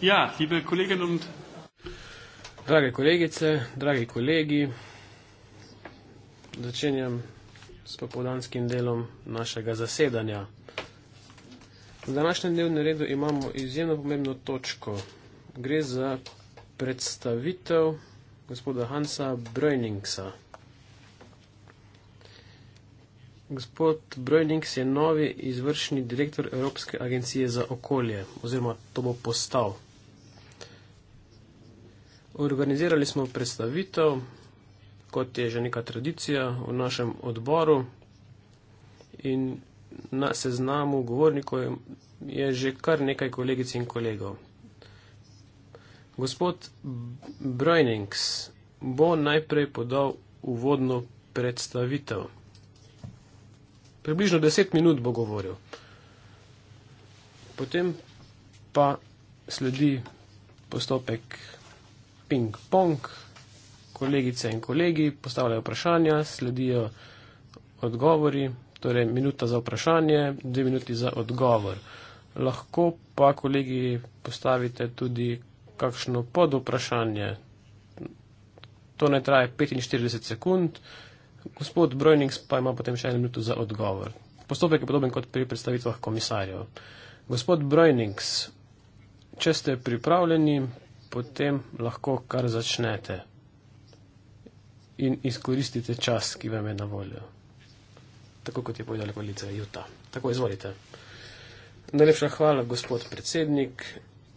Ja, liebe Kolleginnen und Drage kolegice, dragi kolegi, začenjam s popoldanskim delom našega zasedanja. Na današnjem dnevnem redu imamo izjemno pomembno točko. Gre za predstavitev gospoda Hansa Brojningsa. Gospod Brojnings je novi izvršni direktor Evropske agencije za okolje, oziroma to bo postal. Organizirali smo predstavitev, kot je že neka tradicija v našem odboru in na seznamu govornikov je že kar nekaj kolegic in kolegov. Gospod Brojnings bo najprej podal uvodno predstavitev. Približno deset minut bo govoril. Potem pa sledi postopek predstavitev ping-pong, kolegice in kolegi postavljajo vprašanja, sledijo odgovori, torej minuta za vprašanje, dve minuti za odgovor. Lahko pa kolegi postavite tudi kakšno pod vprašanje. To ne traje 45 sekund, gospod Brojnings pa ima potem še eno minuto za odgovor. Postopek je podoben kot pri predstavitvah komisarjev. Gospod Brojnings, če ste pripravljeni, potem lahko kar začnete in izkoristite čas, ki vam je na voljo. Tako kot je povedala kolica Juta. Tako izvolite. Najlepša hvala, gospod predsednik,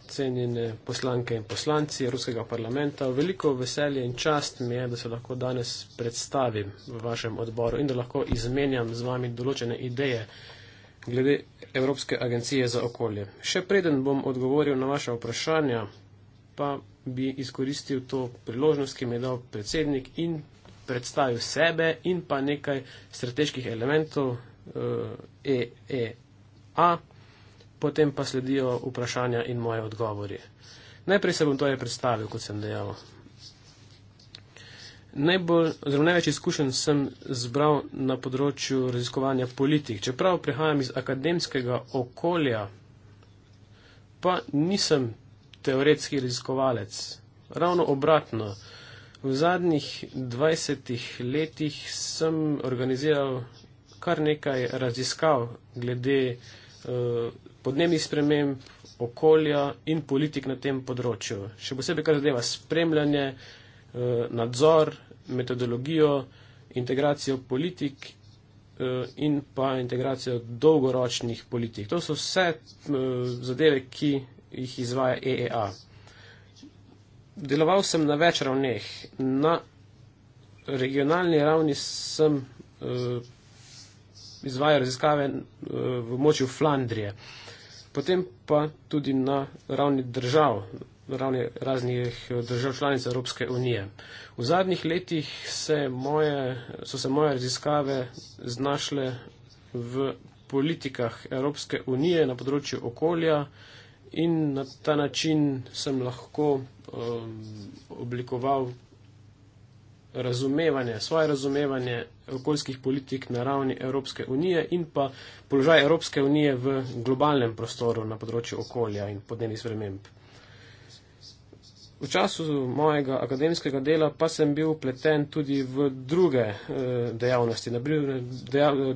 cenjene poslanke in poslanci Ruskega parlamenta. Veliko veselje in čast mi je, da se lahko danes predstavim v vašem odboru in da lahko izmenjam z vami določene ideje glede Evropske agencije za okolje. Še preden bom odgovoril na vaše vprašanja, pa bi izkoristil to priložnost, ki mi je dal predsednik in predstavil sebe in pa nekaj strateških elementov EEA, uh, -E, e potem pa sledijo vprašanja in moje odgovori. Najprej se bom to torej je predstavil, kot sem dejal. Najbolj, oziroma največ izkušenj sem zbral na področju raziskovanja politik. Čeprav prihajam iz akademskega okolja, pa nisem teoretski raziskovalec. Ravno obratno. V zadnjih 20 letih sem organiziral kar nekaj raziskav glede eh, podnebnih sprememb, okolja in politik na tem področju. Še posebej, kar zadeva spremljanje, eh, nadzor, metodologijo, integracijo politik eh, in pa integracijo dolgoročnih politik. To so vse zadeve, ki jih izvaja EEA. Deloval sem na več ravneh. Na regionalni ravni sem uh, izvajal raziskave uh, v močju Flandrije, potem pa tudi na ravni držav, na ravni raznih eh, držav članic Evropske unije. V zadnjih letih se moje, so se moje raziskave znašle v politikah Evropske unije na področju okolja, in na ta način sem lahko um, oblikoval razumevanje, svoje razumevanje okoljskih politik na ravni Evropske unije in pa položaj Evropske unije v globalnem prostoru na področju okolja in podnebnih sprememb. V času mojega akademskega dela pa sem bil pleten tudi v druge e, dejavnosti. Naprimer,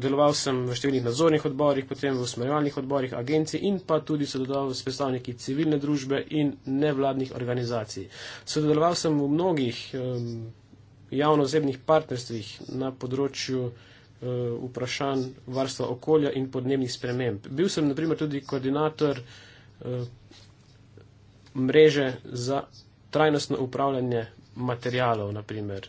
deloval sem v številnih nadzornih odborih, potem v usmerjevalnih odborih agencij in pa tudi sodeloval s predstavniki civilne družbe in nevladnih organizacij. Sodeloval sem v mnogih e, eh, javno-zemnih partnerstvih na področju e, vprašanj varstva okolja in podnebnih sprememb. Bil sem naprimer tudi koordinator. E, mreže za trajnostno upravljanje materialov, naprimer.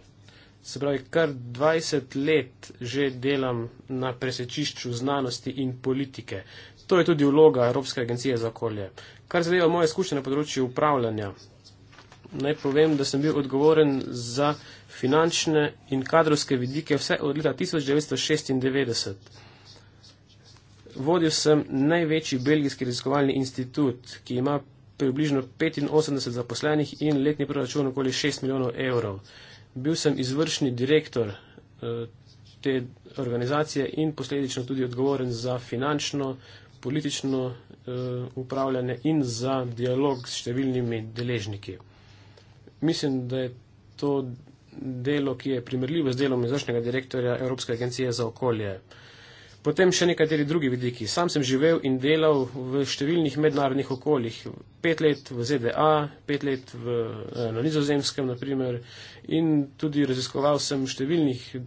Se pravi, kar 20 let že delam na presečišču znanosti in politike. To je tudi vloga Evropske agencije za okolje. Kar zadeva moje izkušnje na področju upravljanja, naj povem, da sem bil odgovoren za finančne in kadrovske vidike vse od leta 1996. Vodil sem največji belgijski raziskovalni institut, ki ima približno 85 zaposlenih in letni proračun okoli 6 milijonov evrov. Bil sem izvršni direktor eh, te organizacije in posledično tudi odgovoren za finančno, politično eh, upravljanje in za dialog s številnimi deležniki. Mislim, da je to delo, ki je primerljivo z delom izvršnega direktorja Evropske agencije za okolje. Potem še nekateri drugi vidiki. Sam sem živel in delal v številnih mednarodnih okoljih. Pet let v ZDA, pet let v, eh, na nizozemskem, naprimer, in tudi raziskoval sem v številnih eh,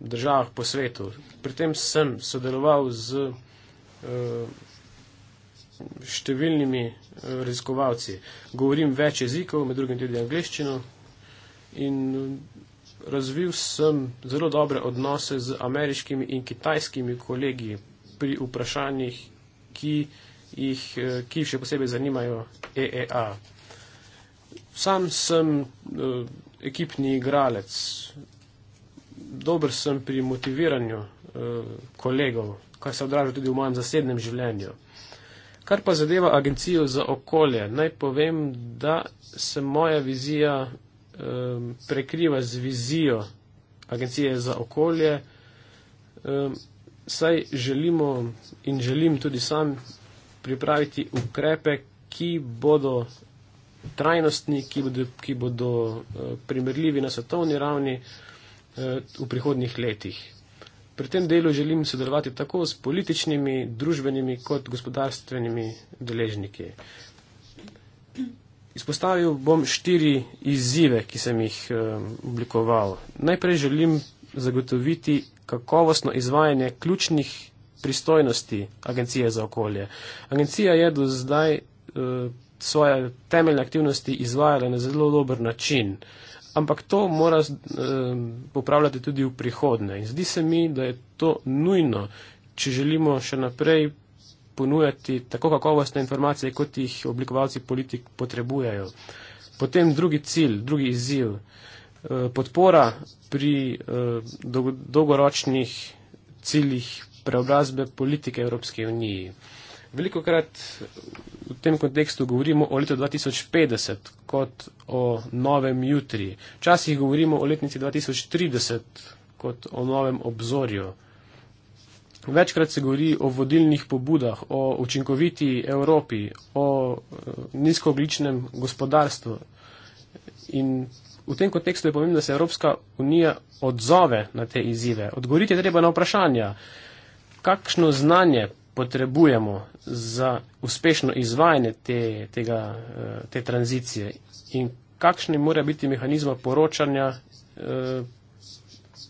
državah po svetu. Pri tem sem sodeloval z eh, številnimi raziskovalci. Govorim več jezikov, med drugim tudi angliščino. In razvil sem zelo dobre odnose z ameriškimi in kitajskimi kolegi pri vprašanjih, ki jih, eh, ki jih še posebej zanimajo EEA. Sam sem uh, ekipni igralec, dober sem pri motiviranju uh, kolegov, kar se odraža tudi v mojem zasebnem življenju. Kar pa zadeva agencijo za okolje, naj povem, da se moja vizija um, prekriva z vizijo Agencije za okolje. Um, saj želimo in želim tudi sam pripraviti ukrepe, ki bodo trajnostni, ki bodo, ki bodo e, primerljivi na svetovni ravni e, v prihodnih letih. Pri tem delu želim sodelovati tako s političnimi, družbenimi kot gospodarstvenimi deležniki. Izpostavil bom štiri izzive, ki sem jih eh, oblikoval. Najprej želim zagotoviti kakovostno izvajanje ključnih pristojnosti Agencije za okolje. Agencija je do zdaj eh, svoje temeljne aktivnosti izvajala na zelo dober način, ampak to mora eh, popravljati tudi v prihodne. In zdi se mi, da je to nujno, če želimo še naprej ponujati tako kakovostne informacije, kot jih oblikovalci politik potrebujejo. Potem drugi cilj, drugi izziv, eh, podpora pri eh, dolgoročnih ciljih preobrazbe politike Evropske unije. Veliko krat v tem kontekstu govorimo o letu 2050 kot o novem jutri. Včasih govorimo o letnici 2030 kot o novem obzorju. Večkrat se govori o vodilnih pobudah, o učinkoviti Evropi, o eh, nizkogličnem gospodarstvu. In v tem kontekstu je pomembno, da se Evropska unija odzove na te izzive. Odgovoriti je treba na vprašanja, kakšno znanje potrebujemo za uspešno izvajanje te, tega, eh, te tranzicije in kakšni morajo biti mehanizma poročanja eh,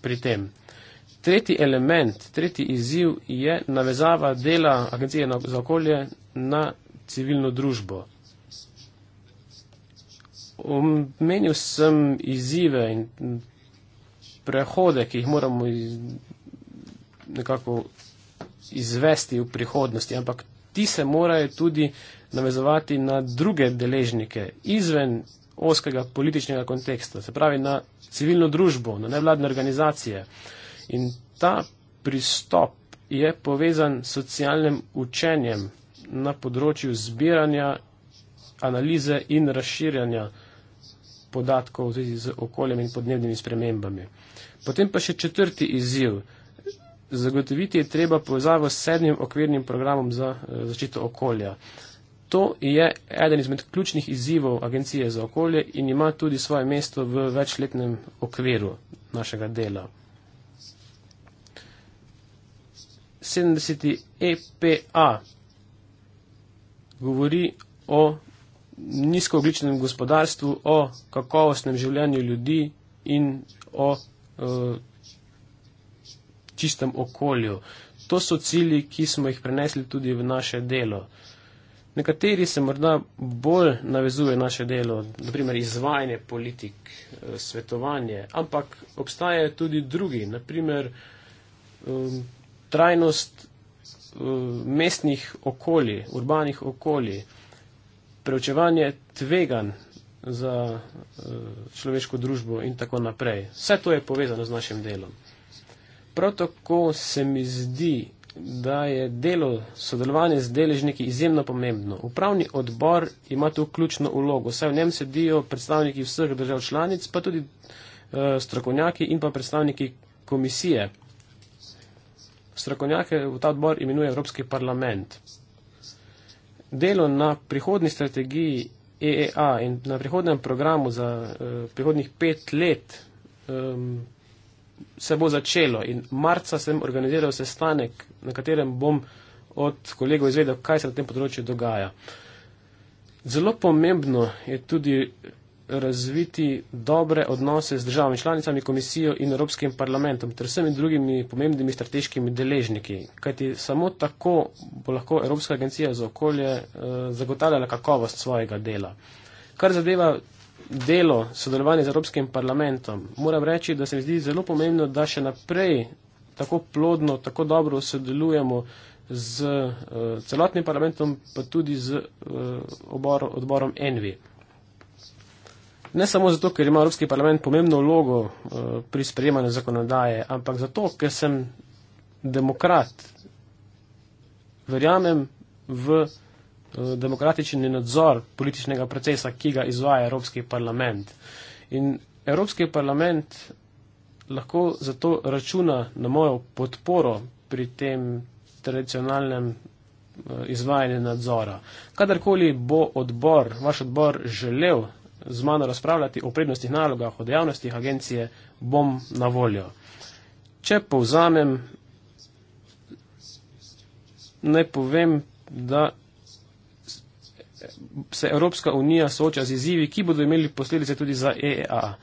pri tem. Tretji element, tretji izziv je navezava dela Agencije za okolje na civilno družbo. Omenil sem izzive in prehode, ki jih moramo iz, nekako izvesti v prihodnosti, ampak ti se morajo tudi navezovati na druge deležnike izven oskega političnega konteksta, se pravi na civilno družbo, na nevladne organizacije. Uh, In ta pristop je povezan s socialnim učenjem na področju zbiranja, analize in razširjanja podatkov v zvezi z okoljem in podnebnimi spremembami. Potem pa še četrti izziv. Zagotoviti je treba povezavo s sedmim okvirnim programom za eh, zaščito okolja. To je eden izmed ključnih izzivov Agencije za okolje in ima tudi svoje mesto v večletnem okviru našega dela. 70. EPA govori o nizkoogličnem gospodarstvu, o kakovostnem življenju ljudi in o e, čistem okolju. To so cilji, ki smo jih prenesli tudi v naše delo. Nekateri se morda bolj navezuje naše delo, naprimer izvajanje politik, e, svetovanje, ampak obstajajo tudi drugi, naprimer um, e, trajnost uh, mestnih okolij, urbanih okolij, preučevanje tvegan za uh, človeško družbo in tako naprej. Vse to je povezano z našim delom. Prav tako se mi zdi, da je delo sodelovanje z deležniki izjemno pomembno. Upravni odbor ima tu ključno ulogo, saj v njem sedijo predstavniki vseh držav članic, pa tudi uh, strokovnjaki in pa predstavniki komisije strokovnjake v ta odbor imenuje Evropski parlament. Delo na prihodni strategiji EEA in na prihodnem programu za uh, eh, prihodnih pet let um, se bo začelo in marca sem organiziral sestanek, na katerem bom od kolegov izvedel, kaj se na tem področju dogaja. Zelo pomembno je tudi razviti dobre odnose z državami članicami, komisijo in Evropskim parlamentom ter vsemi drugimi pomembnimi strateškimi deležniki. Kajti samo tako bo lahko Evropska agencija za okolje eh, zagotavljala kakovost svojega dela. Kar zadeva delo sodelovanja z Evropskim parlamentom, moram reči, da se mi zdi zelo pomembno, da še naprej tako plodno, tako dobro sodelujemo z uh, celotnim parlamentom, pa tudi z uh, obor, odborom Envi. Ne samo zato, ker ima Evropski parlament pomembno vlogo eh, pri sprejemanju zakonodaje, ampak zato, ker sem demokrat. Verjamem v eh, demokratični nadzor političnega procesa, ki ga izvaja Evropski parlament. In Evropski parlament lahko zato računa na mojo podporo pri tem tradicionalnem eh, izvajanju nadzora. Kadarkoli bo odbor, vaš odbor želel z mano razpravljati o prednostih nalogah, o dejavnostih agencije, bom na voljo. Če povzamem, naj povem, da se Evropska unija sooča z izzivi, ki bodo imeli posledice tudi za EEA.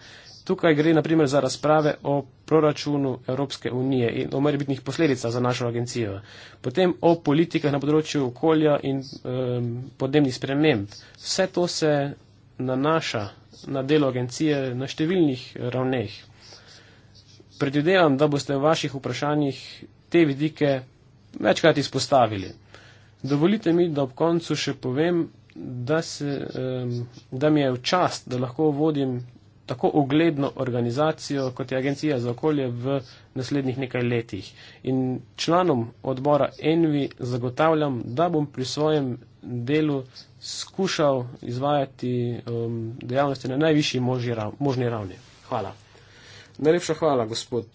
Tukaj gre naprimer za razprave o proračunu Evropske unije in o morebitnih posledicah za našo agencijo. Potem o politikah na področju okolja in um, podnebnih sprememb. Vse to se nanaša na delo agencije na številnih ravneh. Predvidevam, da boste v vaših vprašanjih te vidike večkrat izpostavili. Dovolite mi, da ob koncu še povem, da, se, da mi je v čast, da lahko vodim tako ogledno organizacijo, kot je Agencija za okolje v naslednjih nekaj letih. In članom odbora Envi zagotavljam, da bom pri svojem delu skušal izvajati um, dejavnosti na najvišji možni ravni. Hvala. Najlepša hvala, gospod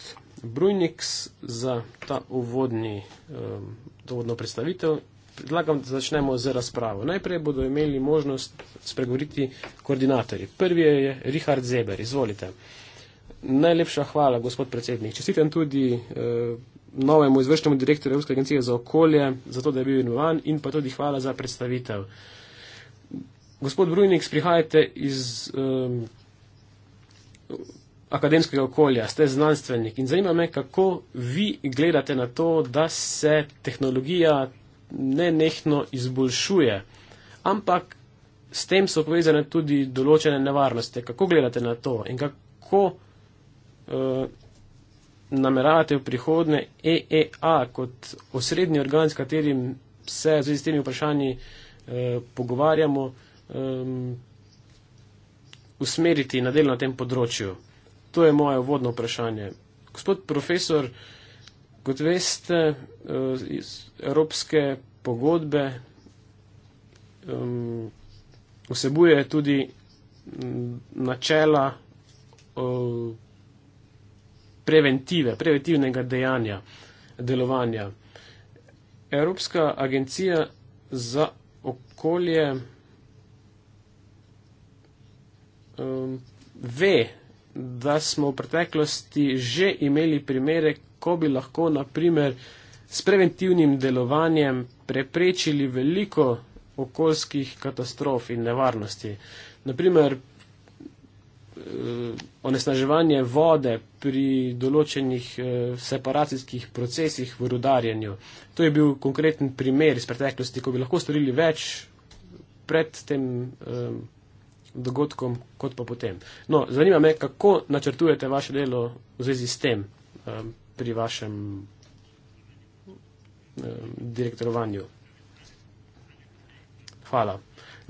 Brujniks, za ta uvodni, um, to uvodno predstavitev. Predlagam, da začnemo z razpravo. Najprej bodo imeli možnost spregovoriti koordinatorji. Prvi je Richard Zeber. Izvolite. Najlepša hvala, gospod predsednik. Čestitam tudi. Uh, novemu izvršnemu direktorju Evropske agencije za okolje, za to, da je bil imenovan in pa tudi hvala za predstavitev. Gospod Brujnik, prihajate iz um, akademskega okolja, ste znanstvenik in zanima me, kako vi gledate na to, da se tehnologija ne nehno izboljšuje, ampak s tem so povezane tudi določene nevarnosti. Kako gledate na to in kako uh, nameravate v prihodne EEA kot osrednji organ, s katerim se v zvezi s temi vprašanji eh, pogovarjamo, eh, usmeriti na delo na tem področju? To je moje vodno vprašanje. Gospod profesor, kot veste, eh, iz Evropske pogodbe eh, vsebuje tudi načela eh, preventive, preventivnega dejanja, delovanja. Evropska agencija za okolje um, ve, da smo v preteklosti že imeli primere, ko bi lahko naprimer s preventivnim delovanjem preprečili veliko okoljskih katastrof in nevarnosti. Naprimer, Eh, onesnaževanje vode pri določenih eh, separacijskih procesih v rudarjenju. To je bil konkreten primer iz preteklosti, ko bi lahko storili več pred tem eh, dogodkom, kot pa potem. No, zanima me, kako načrtujete vaše delo v zvezi s tem pri vašem direktorovanju. Hvala.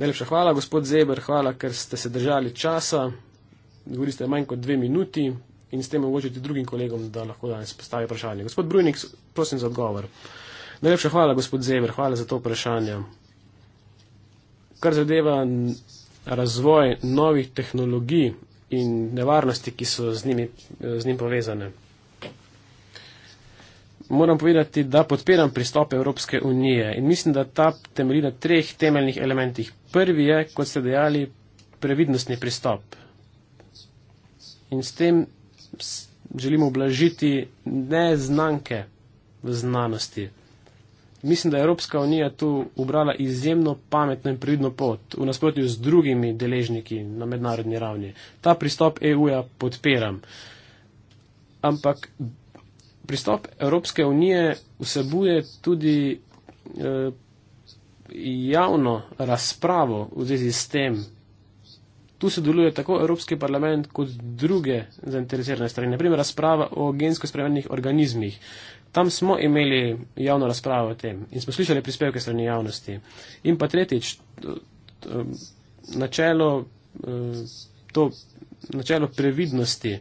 Najlepša hvala, gospod Zeber, hvala, ker ste se držali časa govorili ste manj kot dve minuti in s tem omogočiti drugim kolegom, da lahko danes postavijo vprašanje. Gospod Brujnik, prosim za odgovor. Najlepša hvala, gospod Zemer, hvala za to vprašanje. Kar zadeva razvoj novih tehnologij in nevarnosti, ki so z, njimi, z njim povezane. Moram povedati, da podpiram pristope Evropske unije in mislim, da ta temelji na treh temeljnih elementih. Prvi je, kot ste dejali, previdnostni pristop in s tem želimo oblažiti neznanke v znanosti. Mislim, da je Evropska unija tu ubrala izjemno pametno in pridno pot v nasprotju z drugimi deležniki na mednarodni ravni. Ta pristop EU-ja podpiram. Ampak pristop Evropske unije vsebuje tudi eh, javno razpravo v zvezi s tem Tu se deluje tako Evropski parlament kot druge zainteresirane strani. Naprimer, razprava o gensko spremenjenih organizmih. Tam smo imeli javno razpravo o tem in smo slišali prispevke strani javnosti. In pa tretjič, um, načelo, uh, to načelo previdnosti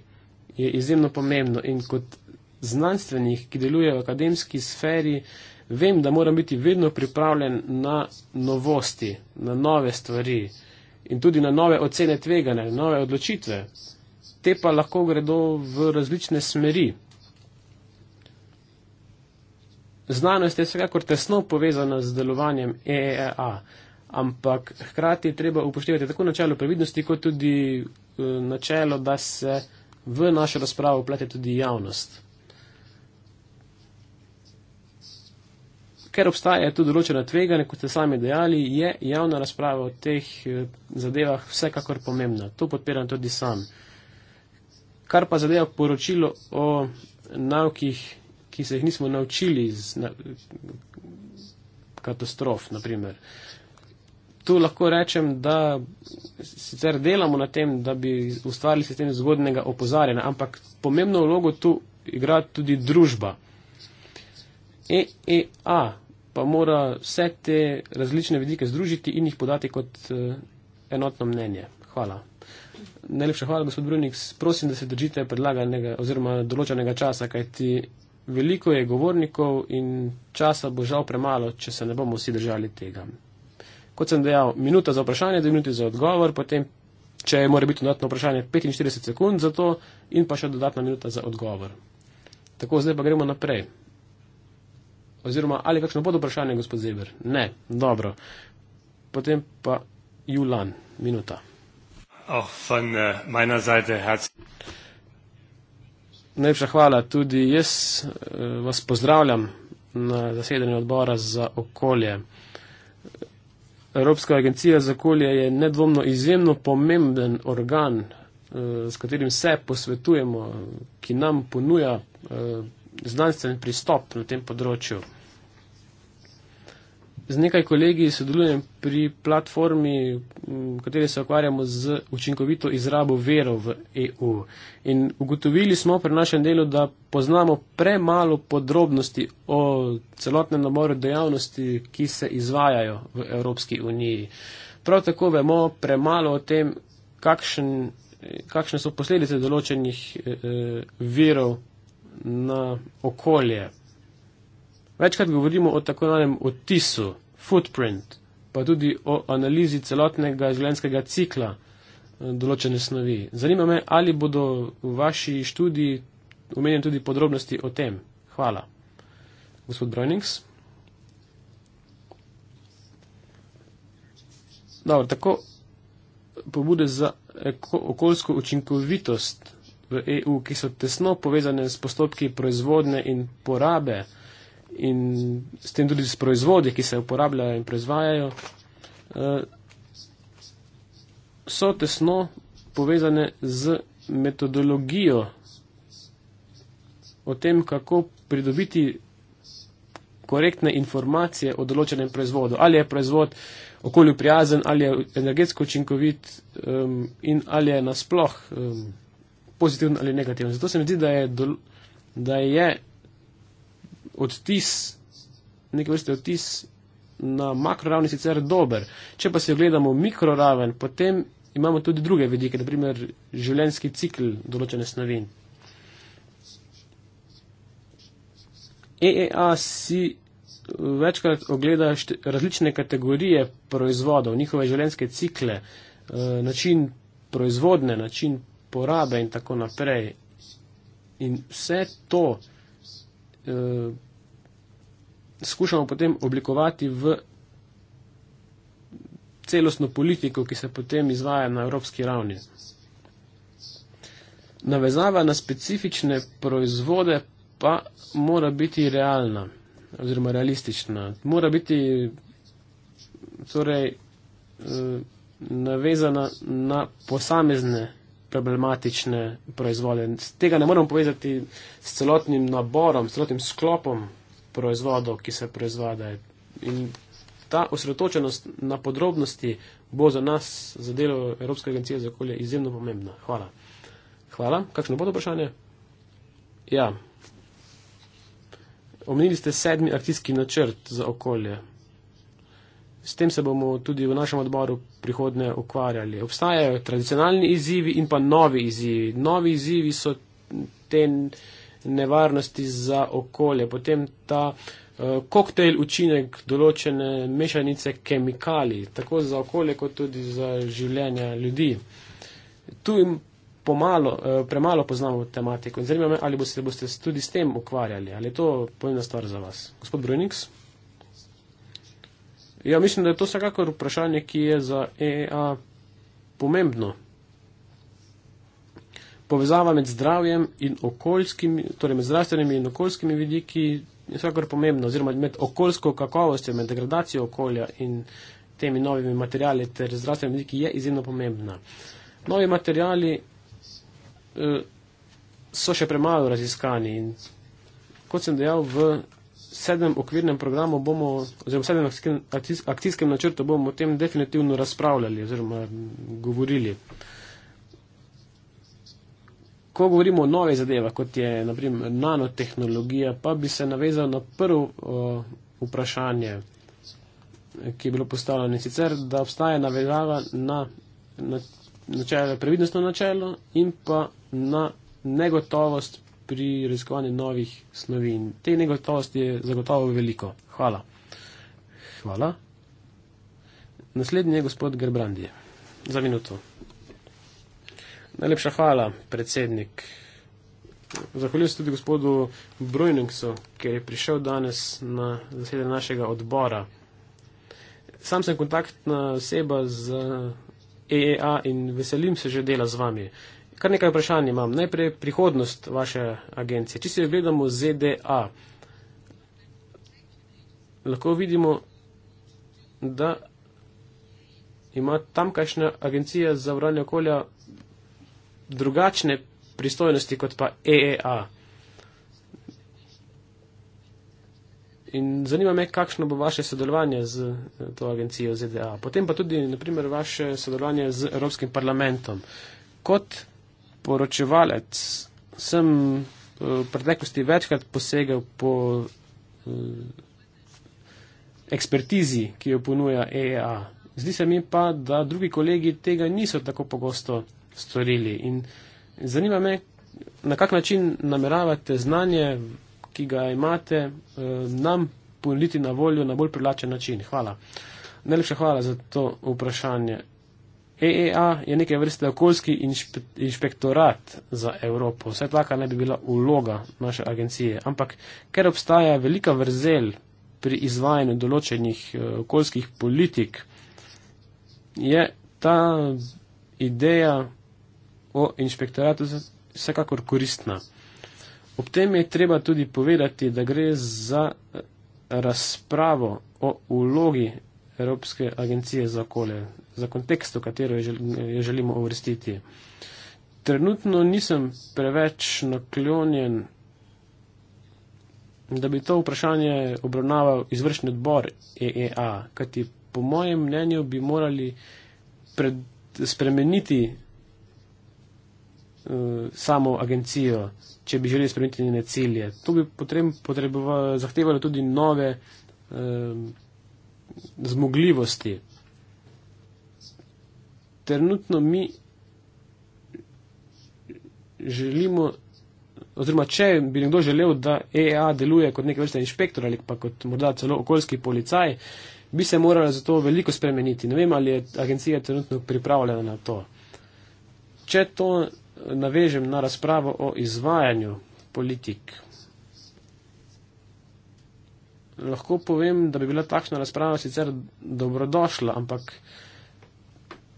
je izjemno pomembno in kot znanstvenih, ki delujejo v akademski sferi, vem, da moram biti vedno pripravljen na novosti, na nove stvari in tudi na nove ocene tveganja, nove odločitve. Te pa lahko gredo v različne smeri. Znanost je vsekakor tesno povezana z delovanjem EEA, ampak hkrati je treba upoštevati tako načelo previdnosti, kot tudi eh, načelo, da se v našo razpravo vplete tudi javnost. ker obstaja tudi določena tveganja, kot ste sami dejali, je javna razprava o teh eh, zadevah vsekakor pomembna. To podpiram tudi sam. Kar pa zadeva poročilo o naukih, ki se jih nismo naučili iz na, katastrof, naprimer. Tu lahko rečem, da sicer delamo na tem, da bi ustvarili sistem zgodnega opozarjanja, ampak pomembno vlogo tu igra tudi družba. EEA pa mora vse te različne vidike združiti in jih podati kot eh, enotno mnenje. Hvala. Najlepša hvala, gospod Brunik. Prosim, da se držite predlaganega oziroma določenega časa, kajti veliko je govornikov in časa bo žal premalo, če se ne bomo vsi držali tega. Kot sem dejal, minuta za vprašanje, dve minuti za odgovor, potem, če je mora biti dodatno vprašanje, 45 sekund za to in pa še dodatna minuta za odgovor. Tako, zdaj pa gremo naprej. Oziroma, ali je kakšno pod vprašanje, gospod Zeber? Ne, dobro. Potem pa Julan, minuta. Oh, eh, Najlepša hvala. Tudi jaz eh, vas pozdravljam na zasedanju odbora za okolje. Evropska agencija za okolje je nedvomno izjemno pomemben organ, eh, s katerim se posvetujemo, ki nam ponuja znanstven pristop na tem področju. Z nekaj kolegi sodelujem pri platformi, v kateri se ukvarjamo z učinkovito izrabo verov v EU. In ugotovili smo pri našem delu, da poznamo premalo podrobnosti o celotnem naboru dejavnosti, ki se izvajajo v Evropski uniji. Prav tako vemo premalo o tem, kakšen, kakšne so posledice določenih eh, e, verov na okolje. Večkrat govorimo o tako imenovanem odtisu, footprint, pa tudi o analizi celotnega življenjskega cikla eh, določene snovi. Zanima me, ali bodo v vaši študiji omenjene tudi podrobnosti o tem. Hvala. Gospod Brojnings. Dobro, tako pobude za okoljsko učinkovitost v EU, ki so tesno povezane s postopki proizvodne in porabe in s tem tudi s proizvodi, ki se uporabljajo in proizvajajo, eh, so tesno povezane z metodologijo o tem, kako pridobiti korektne informacije o določenem proizvodu. Ali je proizvod okolju prijazen, ali je energetsko učinkovit um, in ali je nasploh um, pozitiven ali negativen. Zato se mi zdi, da je, do, da je odtis, nekaj vrste odtis na makroravni sicer dober. Če pa se ogledamo mikroraven, potem imamo tudi druge vedike, naprimer življenski cikl določene snovi. EEA si večkrat ogleda različne kategorije proizvodov, njihove življenske cikle, eh, način proizvodne, način porabe in tako naprej. In vse to eh, skušamo potem oblikovati v celostno politiko, ki se potem izvaja na evropski ravni. Navezava na specifične proizvode pa mora biti realna oziroma realistična. Mora biti torej, eh, navezana na posamezne problematične proizvode. Tega ne moramo povezati s celotnim naborom, s celotnim sklopom proizvodov, ki se proizvajajo. In ta osredotočenost na podrobnosti bo za nas, za delo Evropske agencije za okolje, izjemno pomembna. Hvala. Hvala. Kakšno bodo vprašanje? Ja. Omenili ste sedmi akcijski načrt za okolje. S tem se bomo tudi v našem odboru prihodne ukvarjali. Obstajajo tradicionalni izzivi in pa novi izzivi. Novi izzivi so te nevarnosti za okolje. Potem ta eh, koktejl učinek določene mešanice kemikalij, tako za okolje, kot tudi za življenja ljudi. Tu jim pomalo, eh, premalo poznamo tematiko in zanima me, ali boste, boste tudi s tem ukvarjali, ali je to pomembna stvar za vas. Gospod Brojniks? Ja, mislim, da je to vsekakor vprašanje, ki je za EEA pomembno. Povezava med zdravjem in okoljskimi, torej med zdravstvenimi in okoljskimi vidiki je vsekakor pomembno, oziroma med okoljsko kakovostjo, med degradacijo okolja in temi novimi materijali ter zdravstvenimi vidiki je izjemno pomembna. Novi materijali eh, so še premalo raziskani in kot sem dejal, v sedem okvirnem programu bomo, oziroma sedem akcijskem načrtu bomo o tem definitivno razpravljali oziroma govorili. Ko govorimo o nove zadeva, kot je naprimer nanotehnologija, pa bi se navezal na prvo vprašanje, ki je bilo postavljeno in sicer, da obstaja navezava na načelo, previdnostno načelo in pa na negotovost pri raziskovanju novih snovi in te negotovosti je zagotovo veliko. Hvala. Hvala. Naslednji je gospod Gerbrandi. Za minuto. Najlepša hvala, predsednik. Zahvaljujem se tudi gospodu Brujningsu, ki je prišel danes na zasedanje našega odbora. Sam sem kontaktna oseba z EEA in veselim se že dela z vami kar nekaj vprašanj imam. Najprej prihodnost vaše agencije. Če se jo gledamo ZDA, lahko vidimo, da ima tamkajšnja agencija za vranje okolja drugačne pristojnosti kot pa EEA. In zanima me, kakšno bo vaše sodelovanje z eh, to agencijo ZDA. Potem pa tudi, naprimer, vaše sodelovanje z Evropskim parlamentom. Kot poročevalec, sem eh, v preteklosti večkrat posegel po eh, ekspertizi, ki jo ponuja EEA. Zdi se mi pa, da drugi kolegi tega niso tako pogosto storili. In zanima me, na kak način nameravate znanje, ki ga imate, eh, nam ponuditi na voljo na bolj prilačen način. Hvala. Najlepša hvala za to vprašanje. EEA je neke vrste okoljski inšpe, inšpektorat za Evropo. Vse taka ne bi bila uloga naše agencije. Ampak ker obstaja velika vrzel pri izvajanju določenih eh, okoljskih politik, je ta ideja o inšpektoratu vsekakor koristna. Ob tem je treba tudi povedati, da gre za eh, razpravo o ulogi Evropske agencije za okolje, za kontekst, v katero jo želimo uvrstiti. Trenutno nisem preveč naklonjen, da bi to vprašanje obravnaval izvršni odbor EEA, kajti po mojem mnenju bi morali pred, spremeniti uh, samo agencijo, če bi želeli spremeniti njene cilje. To bi potrebo, potrebo, zahtevalo tudi nove. Uh, zmogljivosti. Trenutno mi želimo, oziroma če bi nekdo želel, da EEA deluje kot neke vrste inšpektor ali pa kot morda celo okoljski policaj, bi se morala za to veliko spremeniti. Ne vem, ali je agencija trenutno pripravljena na to. Če to navežem na razpravo o izvajanju politik, lahko povem, da bi bila takšna razprava sicer dobrodošla, ampak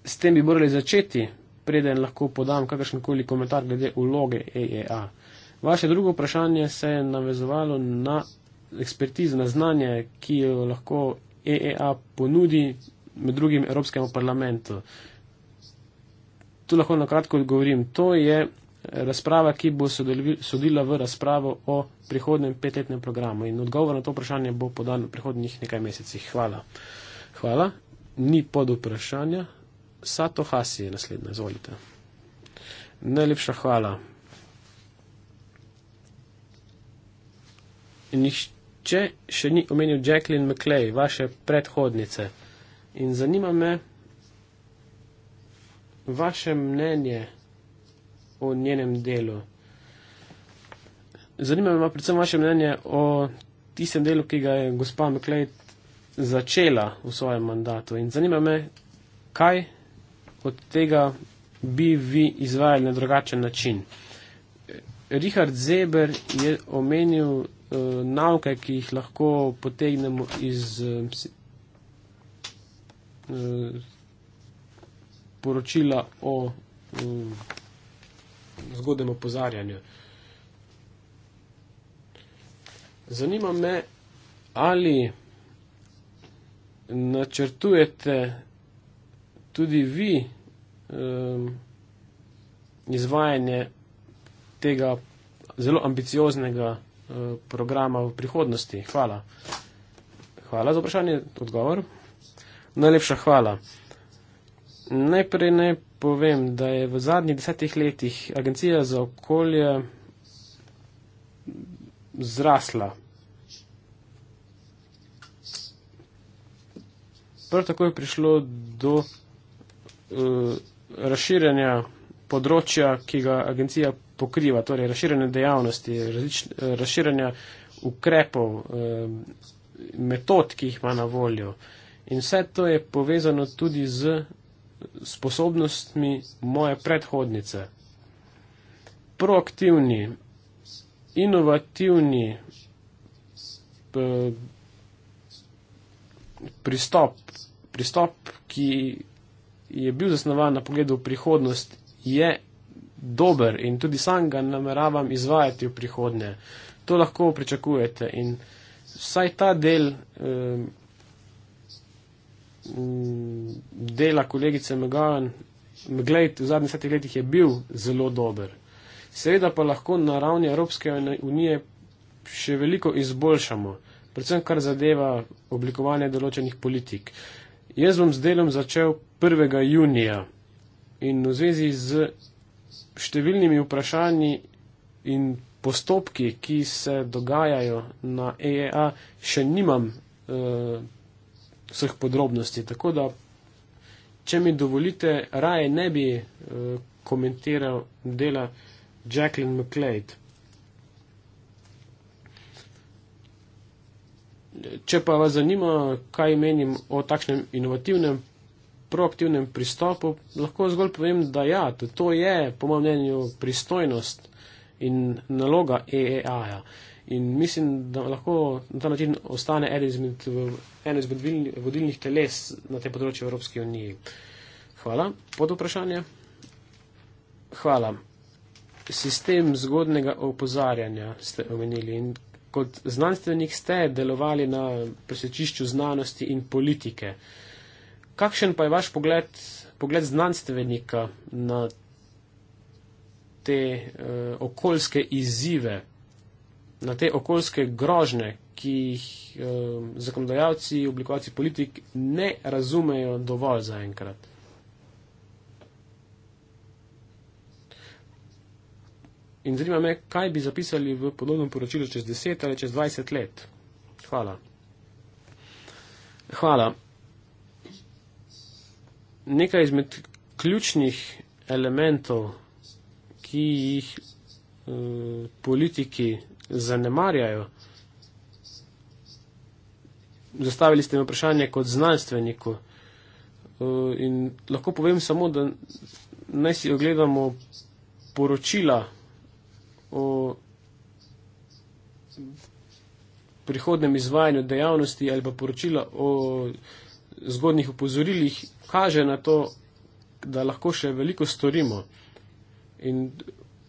s tem bi morali začeti, preden lahko podam kakršenkoli komentar glede uloge EEA. Vaše drugo vprašanje se je navezovalo na ekspertizo, na znanje, ki jo lahko EEA ponudi med drugim Evropskemu parlamentu. Tu lahko na kratko odgovorim. To je razprava, ki bo sodila v razpravo o prihodnem petletnem programu. In odgovor na to vprašanje bo podan v prihodnjih nekaj mesecih. Hvala. Hvala. Ni pod vprašanja. Sato Hasi je naslednja. Izvolite. Najlepša hvala. Nihče še ni omenil Jacqueline McClay, vaše predhodnice. In zanima me vaše mnenje o njenem delu. Zanima me predvsem vaše mnenje o tistem delu, ki ga je gospa McLeod začela v svojem mandatu. In zanima me, kaj od tega bi vi izvajali na drugačen način. Richard Zeber je omenil uh, nauke, ki jih lahko potegnemo iz uh, poročila o. Uh, zgodnem opozarjanju. Zanima me, ali načrtujete tudi vi um, izvajanje tega zelo ambicioznega uh, programa v prihodnosti. Hvala. Hvala za vprašanje, odgovor. Najlepša hvala. Najprej naj povem, da je v zadnjih desetih letih Agencija za okolje zrasla. Prav tako je prišlo do uh, razširjanja področja, ki ga agencija pokriva, torej razširjanja dejavnosti, razširjanja ukrepov, uh, metod, ki jih ima na voljo. In vse to je povezano tudi z sposobnostmi moje predhodnice. Proaktivni, inovativni eh, pristop, pristop, ki je bil zasnovan na pogledu v prihodnost, je dober in tudi sam ga nameravam izvajati v prihodnje. To lahko pričakujete in vsaj ta del. Eh, Mm, dela kolegice Megan, Mglejt v zadnjih desetih letih je bil zelo dober. Seveda pa lahko na ravni Evropske unije še veliko izboljšamo, predvsem kar zadeva oblikovanje določenih politik. Jaz bom z delom začel 1. junija in v zvezi z številnimi vprašanji in postopki, ki se dogajajo na EEA, še nimam. Uh, vseh podrobnosti. Tako da, če mi dovolite, raje ne bi eh, komentiral dela Jacqueline McLeod. Če pa vas zanima, kaj menim o takšnem inovativnem, proaktivnem pristopu, lahko zgolj povem, da ja, to je, po mojem mnenju, pristojnost in naloga EEA. -ja. Uh, In mislim, da lahko na ta način ostane eden izmed, eden izmed vodilnih teles na tem področju Evropske unije. Hvala. Pod vprašanje? Hvala. Sistem zgodnega opozarjanja ste omenili in kot znanstvenik ste delovali na presečišču znanosti in politike. Kakšen pa je vaš pogled, pogled znanstvenika na te uh, okoljske izzive, na te okoljske grožne, ki jih eh, zakonodajalci, oblikovalci politik ne razumejo dovolj zaenkrat. In zanima me, kaj bi zapisali v podobnem poročilu čez 10 ali čez 20 let. Hvala. Hvala. Nekaj izmed ključnih elementov, ki jih politiki zanemarjajo. Zastavili ste mi vprašanje kot znanstveniku eh, in lahko povem samo, da naj si ogledamo poročila o prihodnem izvajanju dejavnosti ali pa poročila o zgodnih opozorilih, kaže na to, da lahko še veliko storimo. In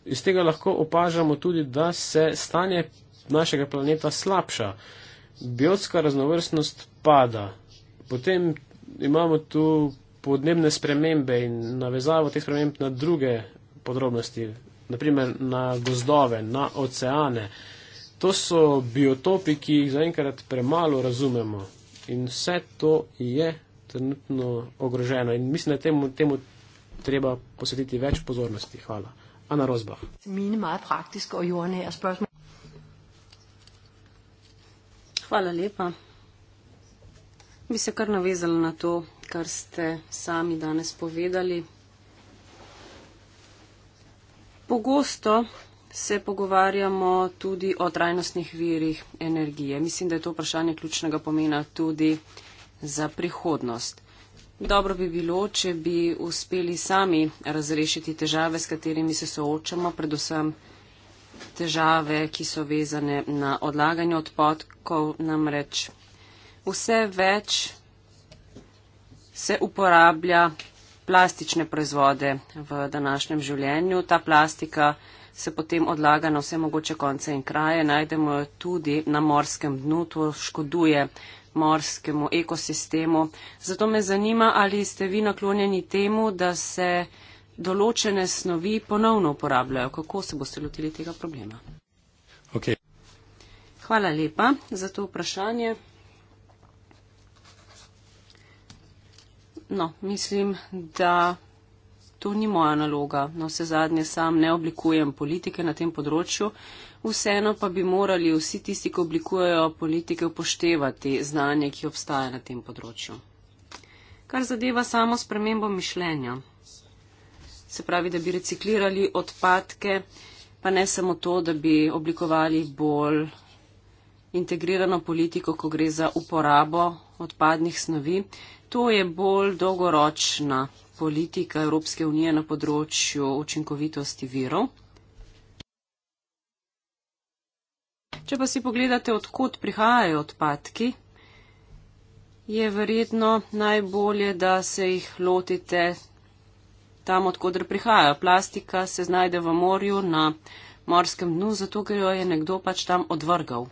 iz tega lahko opažamo tudi, da se stanje našega planeta slabša. Biotska raznovrstnost pada. Potem imamo tu podnebne spremembe in navezavo teh sprememb na druge podrobnosti, naprimer na gozdove, na oceane. To so biotopi, ki jih zaenkrat premalo razumemo. In vse to je trenutno ogroženo. In mislim, da temu, temu treba posvetiti več pozornosti. Hvala. Anna Rosbach. Mine meget praktiske og jordnære spørgsmål. Hvala lepa. Bi se kar navezala na to, kar ste sami danes povedali. Pogosto se pogovarjamo tudi o trajnostnih virih energije. Mislim, da je to vprašanje ključnega pomena tudi za prihodnost. Dobro bi bilo, če bi uspeli sami razrešiti težave, s katerimi se soočamo, predvsem težave, ki so vezane na odlaganje odpadkov. Namreč vse več se uporablja plastične proizvode v današnjem življenju. Ta plastika se potem odlaga na vse mogoče konce in kraje. Najdemo jo tudi na morskem dnu. To škoduje morskemu ekosistemu. Zato me zanima, ali ste vi naklonjeni temu, da se določene snovi ponovno uporabljajo. Kako se boste lotili tega problema? Okay. Hvala lepa za to vprašanje. No, mislim, da to ni moja naloga. No, vse zadnje sam ne oblikujem politike na tem področju vseeno pa bi morali vsi tisti, ki oblikujejo politike, upoštevati znanje, ki obstaja na tem področju. Kar zadeva samo spremembo mišljenja, se pravi, da bi reciklirali odpadke, pa ne samo to, da bi oblikovali bolj integrirano politiko, ko gre za uporabo odpadnih snovi. To je bolj dolgoročna politika Evropske unije na področju učinkovitosti virov. Če pa si pogledate, odkot prihajajo odpadki, je verjetno najbolje, da se jih lotite tam, odkot prihajajo. Plastika se znajde v morju na morskem dnu, zato ker jo je nekdo pač tam odvrgal.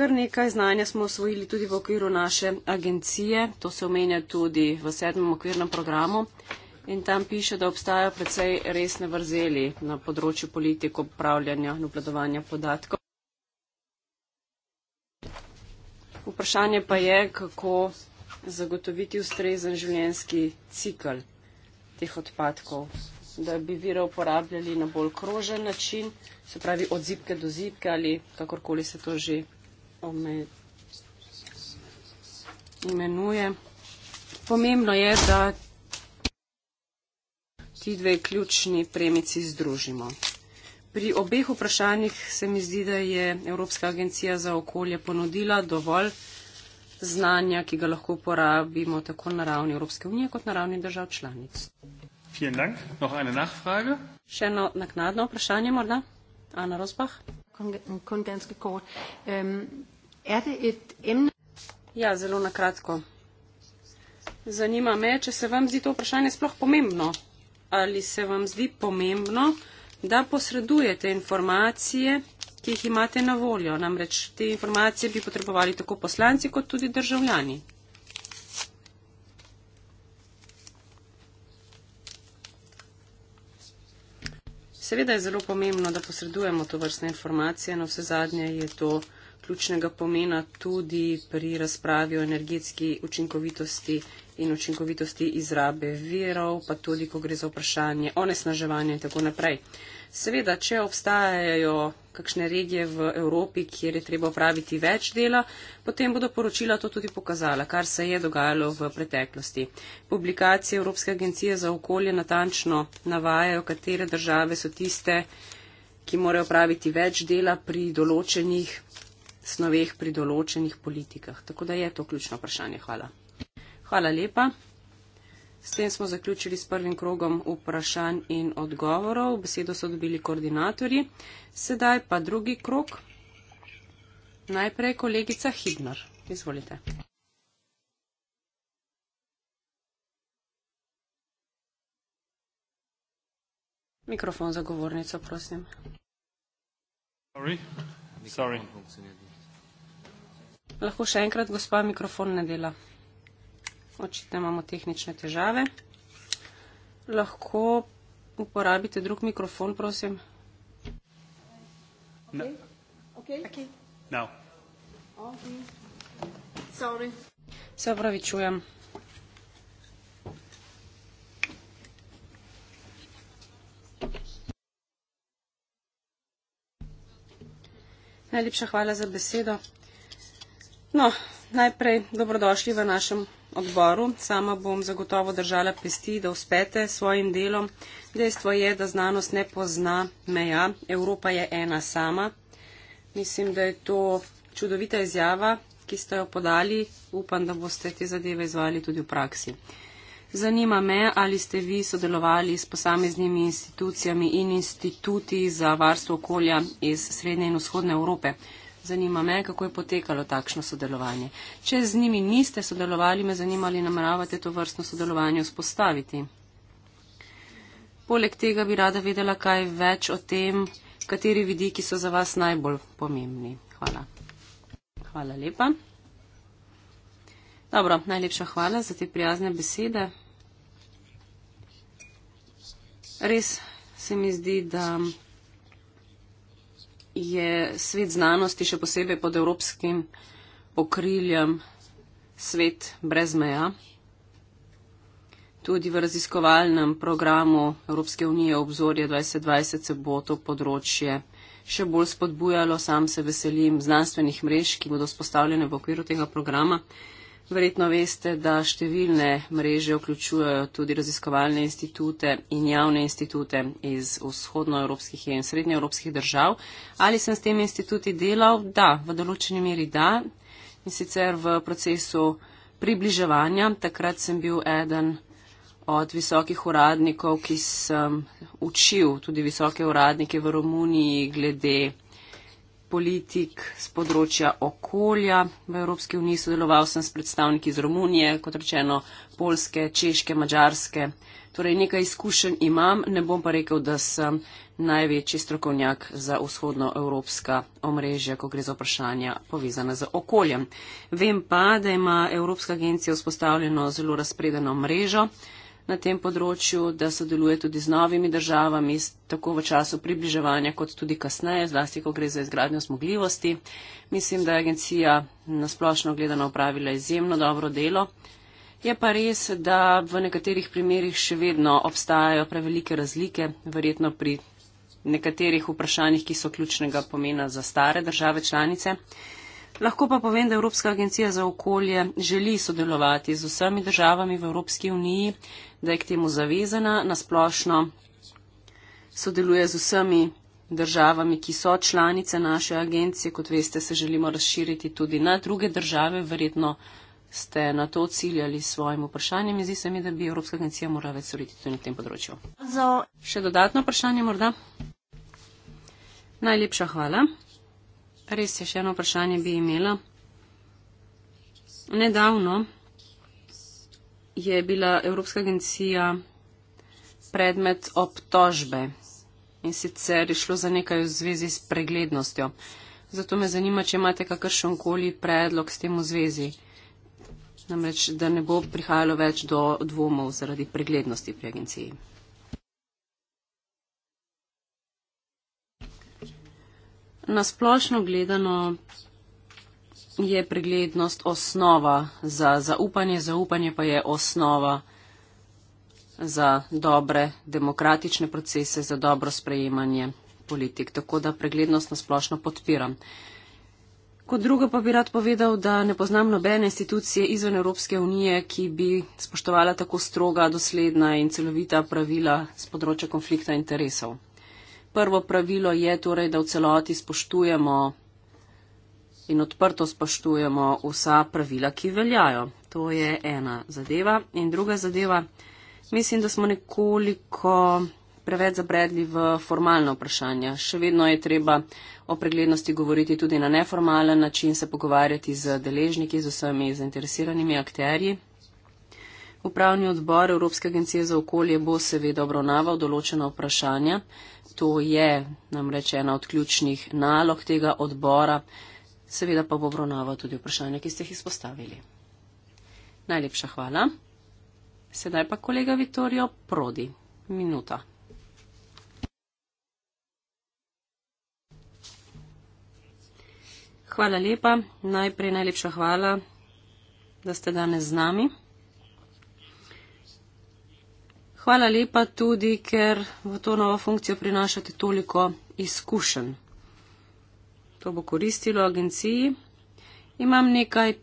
Kar nekaj znanja smo osvojili tudi v okviru naše agencije, to se omenja tudi v sedmem okvirnem programu. In tam piše, da obstajajo precej resne vrzeli na področju politiko upravljanja in obladovanja podatkov. Vprašanje pa je, kako zagotoviti ustrezen življenski cikl teh odpadkov, da bi vire uporabljali na bolj krožen način, se pravi od zipke do zipke ali kakorkoli se to že omenuje. Pomembno je, da ti dve ključni premici združimo. Pri obeh vprašanjih se mi zdi, da je Evropska agencija za okolje ponudila dovolj znanja, ki ga lahko uporabimo tako na ravni Evropske unije kot na ravni držav članic. Še eno naknadno vprašanje morda? Ana Rosbach. Er ja, zelo nakratko. Zanima me, če se vam zdi to vprašanje sploh pomembno ali se vam zdi pomembno, da posredujete informacije, ki jih imate na voljo. Namreč te informacije bi potrebovali tako poslanci kot tudi državljani. Seveda je zelo pomembno, da posredujemo to vrstne informacije, no vse zadnje je to ključnega pomena tudi pri razpravi o energetski učinkovitosti in učinkovitosti izrabe virov, pa tudi, ko gre za vprašanje onesnaževanja in tako naprej. Seveda, če obstajajo kakšne regije v Evropi, kjer je treba upraviti več dela, potem bodo poročila to tudi pokazala, kar se je dogajalo v preteklosti. Publikacije Evropske agencije za okolje natančno navajajo, katere države so tiste, ki morajo praviti več dela pri določenih snoveh, pri določenih politikah. Tako da je to ključno vprašanje. Hvala. Hvala lepa. S tem smo zaključili s prvim krogom vprašanj in odgovorov. Besedo so dobili koordinatorji. Sedaj pa drugi krok. Najprej kolegica Hidnar. Izvolite. Mikrofon za govornico, prosim. Sorry. Sorry. Lahko še enkrat, gospa, mikrofon ne dela očitno imamo tehnične težave. Lahko uporabite drug mikrofon, prosim. No. Okay. Okay. Okay. Okay. No. Se opravičujem. Najlepša hvala za besedo. No, najprej dobrodošli v našem odboru. Sama bom zagotovo držala pesti, da uspete s svojim delom. Dejstvo je, da znanost ne pozna meja. Evropa je ena sama. Mislim, da je to čudovita izjava, ki ste jo podali. Upam, da boste te zadeve izvali tudi v praksi. Zanima me, ali ste vi sodelovali s posameznimi institucijami in instituti za varstvo okolja iz Srednje in Vzhodne Evrope. Zanima me, kako je potekalo takšno sodelovanje. Če z njimi niste sodelovali, me zanima, ali nameravate to vrstno sodelovanje vzpostaviti. Poleg tega bi rada vedela kaj več o tem, kateri vidiki so za vas najbolj pomembni. Hvala. Hvala lepa. Dobro, najlepša hvala za te prijazne besede. Res se mi zdi, da je svet znanosti, še posebej pod evropskim okriljem, svet brez meja. Tudi v raziskovalnem programu Evropske unije obzorje 2020 se bo to področje še bolj spodbujalo. Sam se veselim znanstvenih mrež, ki bodo spostavljene v okviru tega programa. Verjetno veste, da številne mreže vključujejo tudi raziskovalne institute in javne institute iz vzhodnoevropskih in srednjeevropskih držav. Ali sem s temi instituti delal? Da, v določeni meri da. In sicer v procesu približevanja. Takrat sem bil eden od visokih uradnikov, ki sem učil tudi visoke uradnike v Romuniji glede politik z področja okolja v Evropski uniji. Sodeloval sem s predstavniki iz Romunije, kot rečeno, Polske, Češke, Mačarske. Torej nekaj izkušenj imam, ne bom pa rekel, da sem največji strokovnjak za vzhodnoevropska omrežja, ko gre za vprašanja povezana z okoljem. Vem pa, da ima Evropska agencija vzpostavljeno zelo razpredeno mrežo na tem področju, da sodeluje tudi z novimi državami, tako v času približevanja, kot tudi kasneje, zlasti, ko gre za izgradnjo zmogljivosti. Mislim, da je agencija nasplošno gledano upravila izjemno dobro delo. Je pa res, da v nekaterih primerjih še vedno obstajajo prevelike razlike, verjetno pri nekaterih vprašanjih, ki so ključnega pomena za stare države članice. Lahko pa povem, da Evropska agencija za okolje želi sodelovati z vsemi državami v Evropski uniji, da je k temu zavezana, nasplošno sodeluje z vsemi državami, ki so članice naše agencije. Kot veste, se želimo razširiti tudi na druge države. Verjetno ste na to ciljali s svojim vprašanjem. Zdi se mi, da bi Evropska agencija morala več storiti tudi na tem področju. Še dodatno vprašanje morda? Najlepša hvala. Res je, še eno vprašanje bi imela. Nedavno je bila Evropska agencija predmet obtožbe in sicer je šlo za nekaj v zvezi s preglednostjo. Zato me zanima, če imate kakršen koli predlog s tem v zvezi. Namreč, da ne bo prihajalo več do dvomov zaradi preglednosti pri agenciji. nasplošno gledano je preglednost osnova za zaupanje. Zaupanje pa je osnova za dobre demokratične procese, za dobro sprejemanje politik. Tako da preglednost nasplošno podpiram. Kot drugo pa bi rad povedal, da ne poznam nobene institucije izven Evropske unije, ki bi spoštovala tako stroga, dosledna in celovita pravila z področja konflikta interesov prvo pravilo je torej, da v celoti spoštujemo in odprto spoštujemo vsa pravila, ki veljajo. To je ena zadeva. In druga zadeva, mislim, da smo nekoliko preveč zabredli v formalno vprašanje. Še vedno je treba o preglednosti govoriti tudi na neformalen način, se pogovarjati z deležniki, z vsemi zainteresiranimi akterji. Upravni odbor Evropske agencije za okolje bo seveda obravnaval določena vprašanja. To je namreč ena od ključnih nalog tega odbora, seveda pa bo obravnava tudi vprašanja, ki ste jih izpostavili. Najlepša hvala. Sedaj pa kolega Vittorio Prodi. Minuta. Hvala lepa. Najprej najlepša hvala, da ste danes z nami. Hvala lepa tudi, ker v to novo funkcijo prinašate toliko izkušenj. To bo koristilo agenciji. Imam nekaj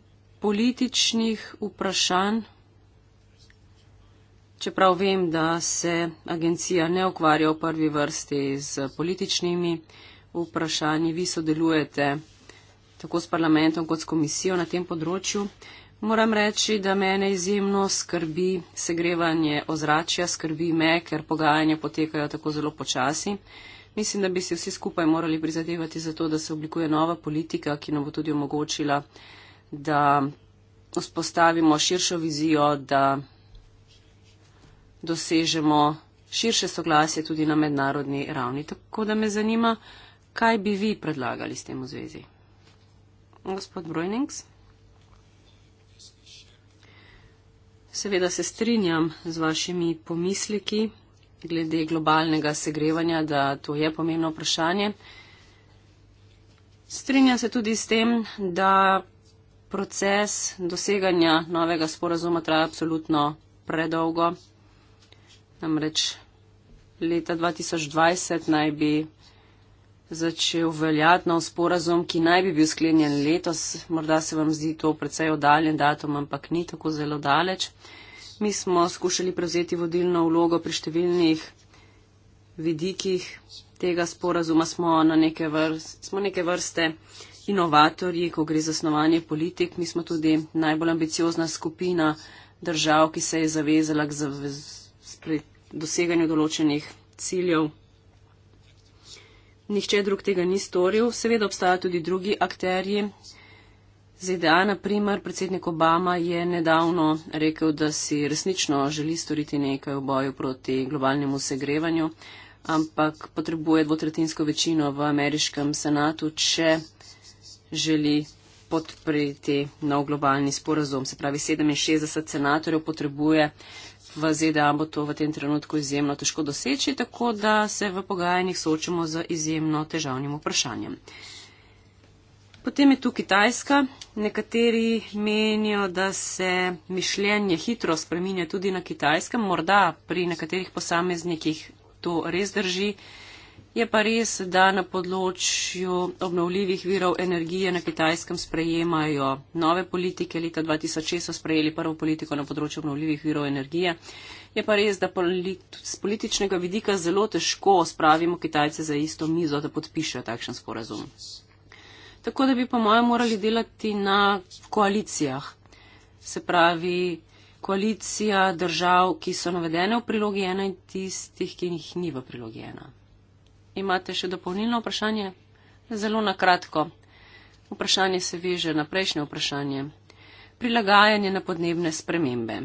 političnih vprašanj, čeprav vem, da se agencija ne ukvarja v prvi vrsti z političnimi vprašanji. Vi sodelujete tako s parlamentom kot s komisijo na tem področju. Moram reči, da mene izjemno skrbi segrevanje ozračja, skrbi me, ker pogajanja potekajo tako zelo počasi. Mislim, da bi si vsi skupaj morali prizadevati za to, da se oblikuje nova politika, ki nam bo tudi omogočila, da vzpostavimo širšo vizijo, da dosežemo širše soglasje tudi na mednarodni ravni. Tako da me zanima, kaj bi vi predlagali s tem v zvezi. Gospod Brojnings. Seveda se strinjam z vašimi pomisliki glede globalnega segrevanja, da to je pomembno vprašanje. Strinjam se tudi s tem, da proces doseganja novega sporazuma traja absolutno predolgo. Namreč leta 2020 naj bi začel veljati nov sporazum, ki naj bi bil sklenjen letos. Morda se vam zdi to precej oddaljen datum, ampak ni tako zelo daleč. Mi smo skušali prevzeti vodilno vlogo pri številnih vidikih tega sporazuma. Smo, neke vrste, smo neke vrste inovatorji, ko gre za snovanje politik. Mi smo tudi najbolj ambiciozna skupina držav, ki se je zavezala k zavez, doseganju določenih ciljev nihče drug tega ni storil, seveda obstajajo tudi drugi akterji. ZDA, e na primer, predsednik Obama je nedavno rekel, da si resnično želi storiti nekaj v boju proti globalnemu segrevanju, ampak potrebuje dvotretinsko večino v ameriškem senatu, če želi podpreti nov globalni sporazum. Se pravi, 67 senatorjev potrebuje v ZDA bo to v tem trenutku izjemno težko doseči, tako da se v pogajanjih soočamo z izjemno težavnim vprašanjem. Potem je tu Kitajska. Nekateri menijo, da se mišljenje hitro spreminja tudi na Kitajskem. Morda pri nekaterih posameznikih to res drži. Je pa res, da na področju obnovljivih virov energije na kitajskem sprejemajo nove politike. Leta 2006 so sprejeli prvo politiko na področju obnovljivih virov energije. Je pa res, da polit z političnega vidika zelo težko spravimo Kitajce za isto mizo, da podpišejo takšen sporazum. Tako da bi, po mojem, morali delati na koalicijah. Se pravi, koalicija držav, ki so navedene v prilogi ena in tistih, ki jih ni v prilogi ena imate še dopolnilno vprašanje? Zelo na kratko. Vprašanje se veže na prejšnje vprašanje. Prilagajanje na podnebne spremembe.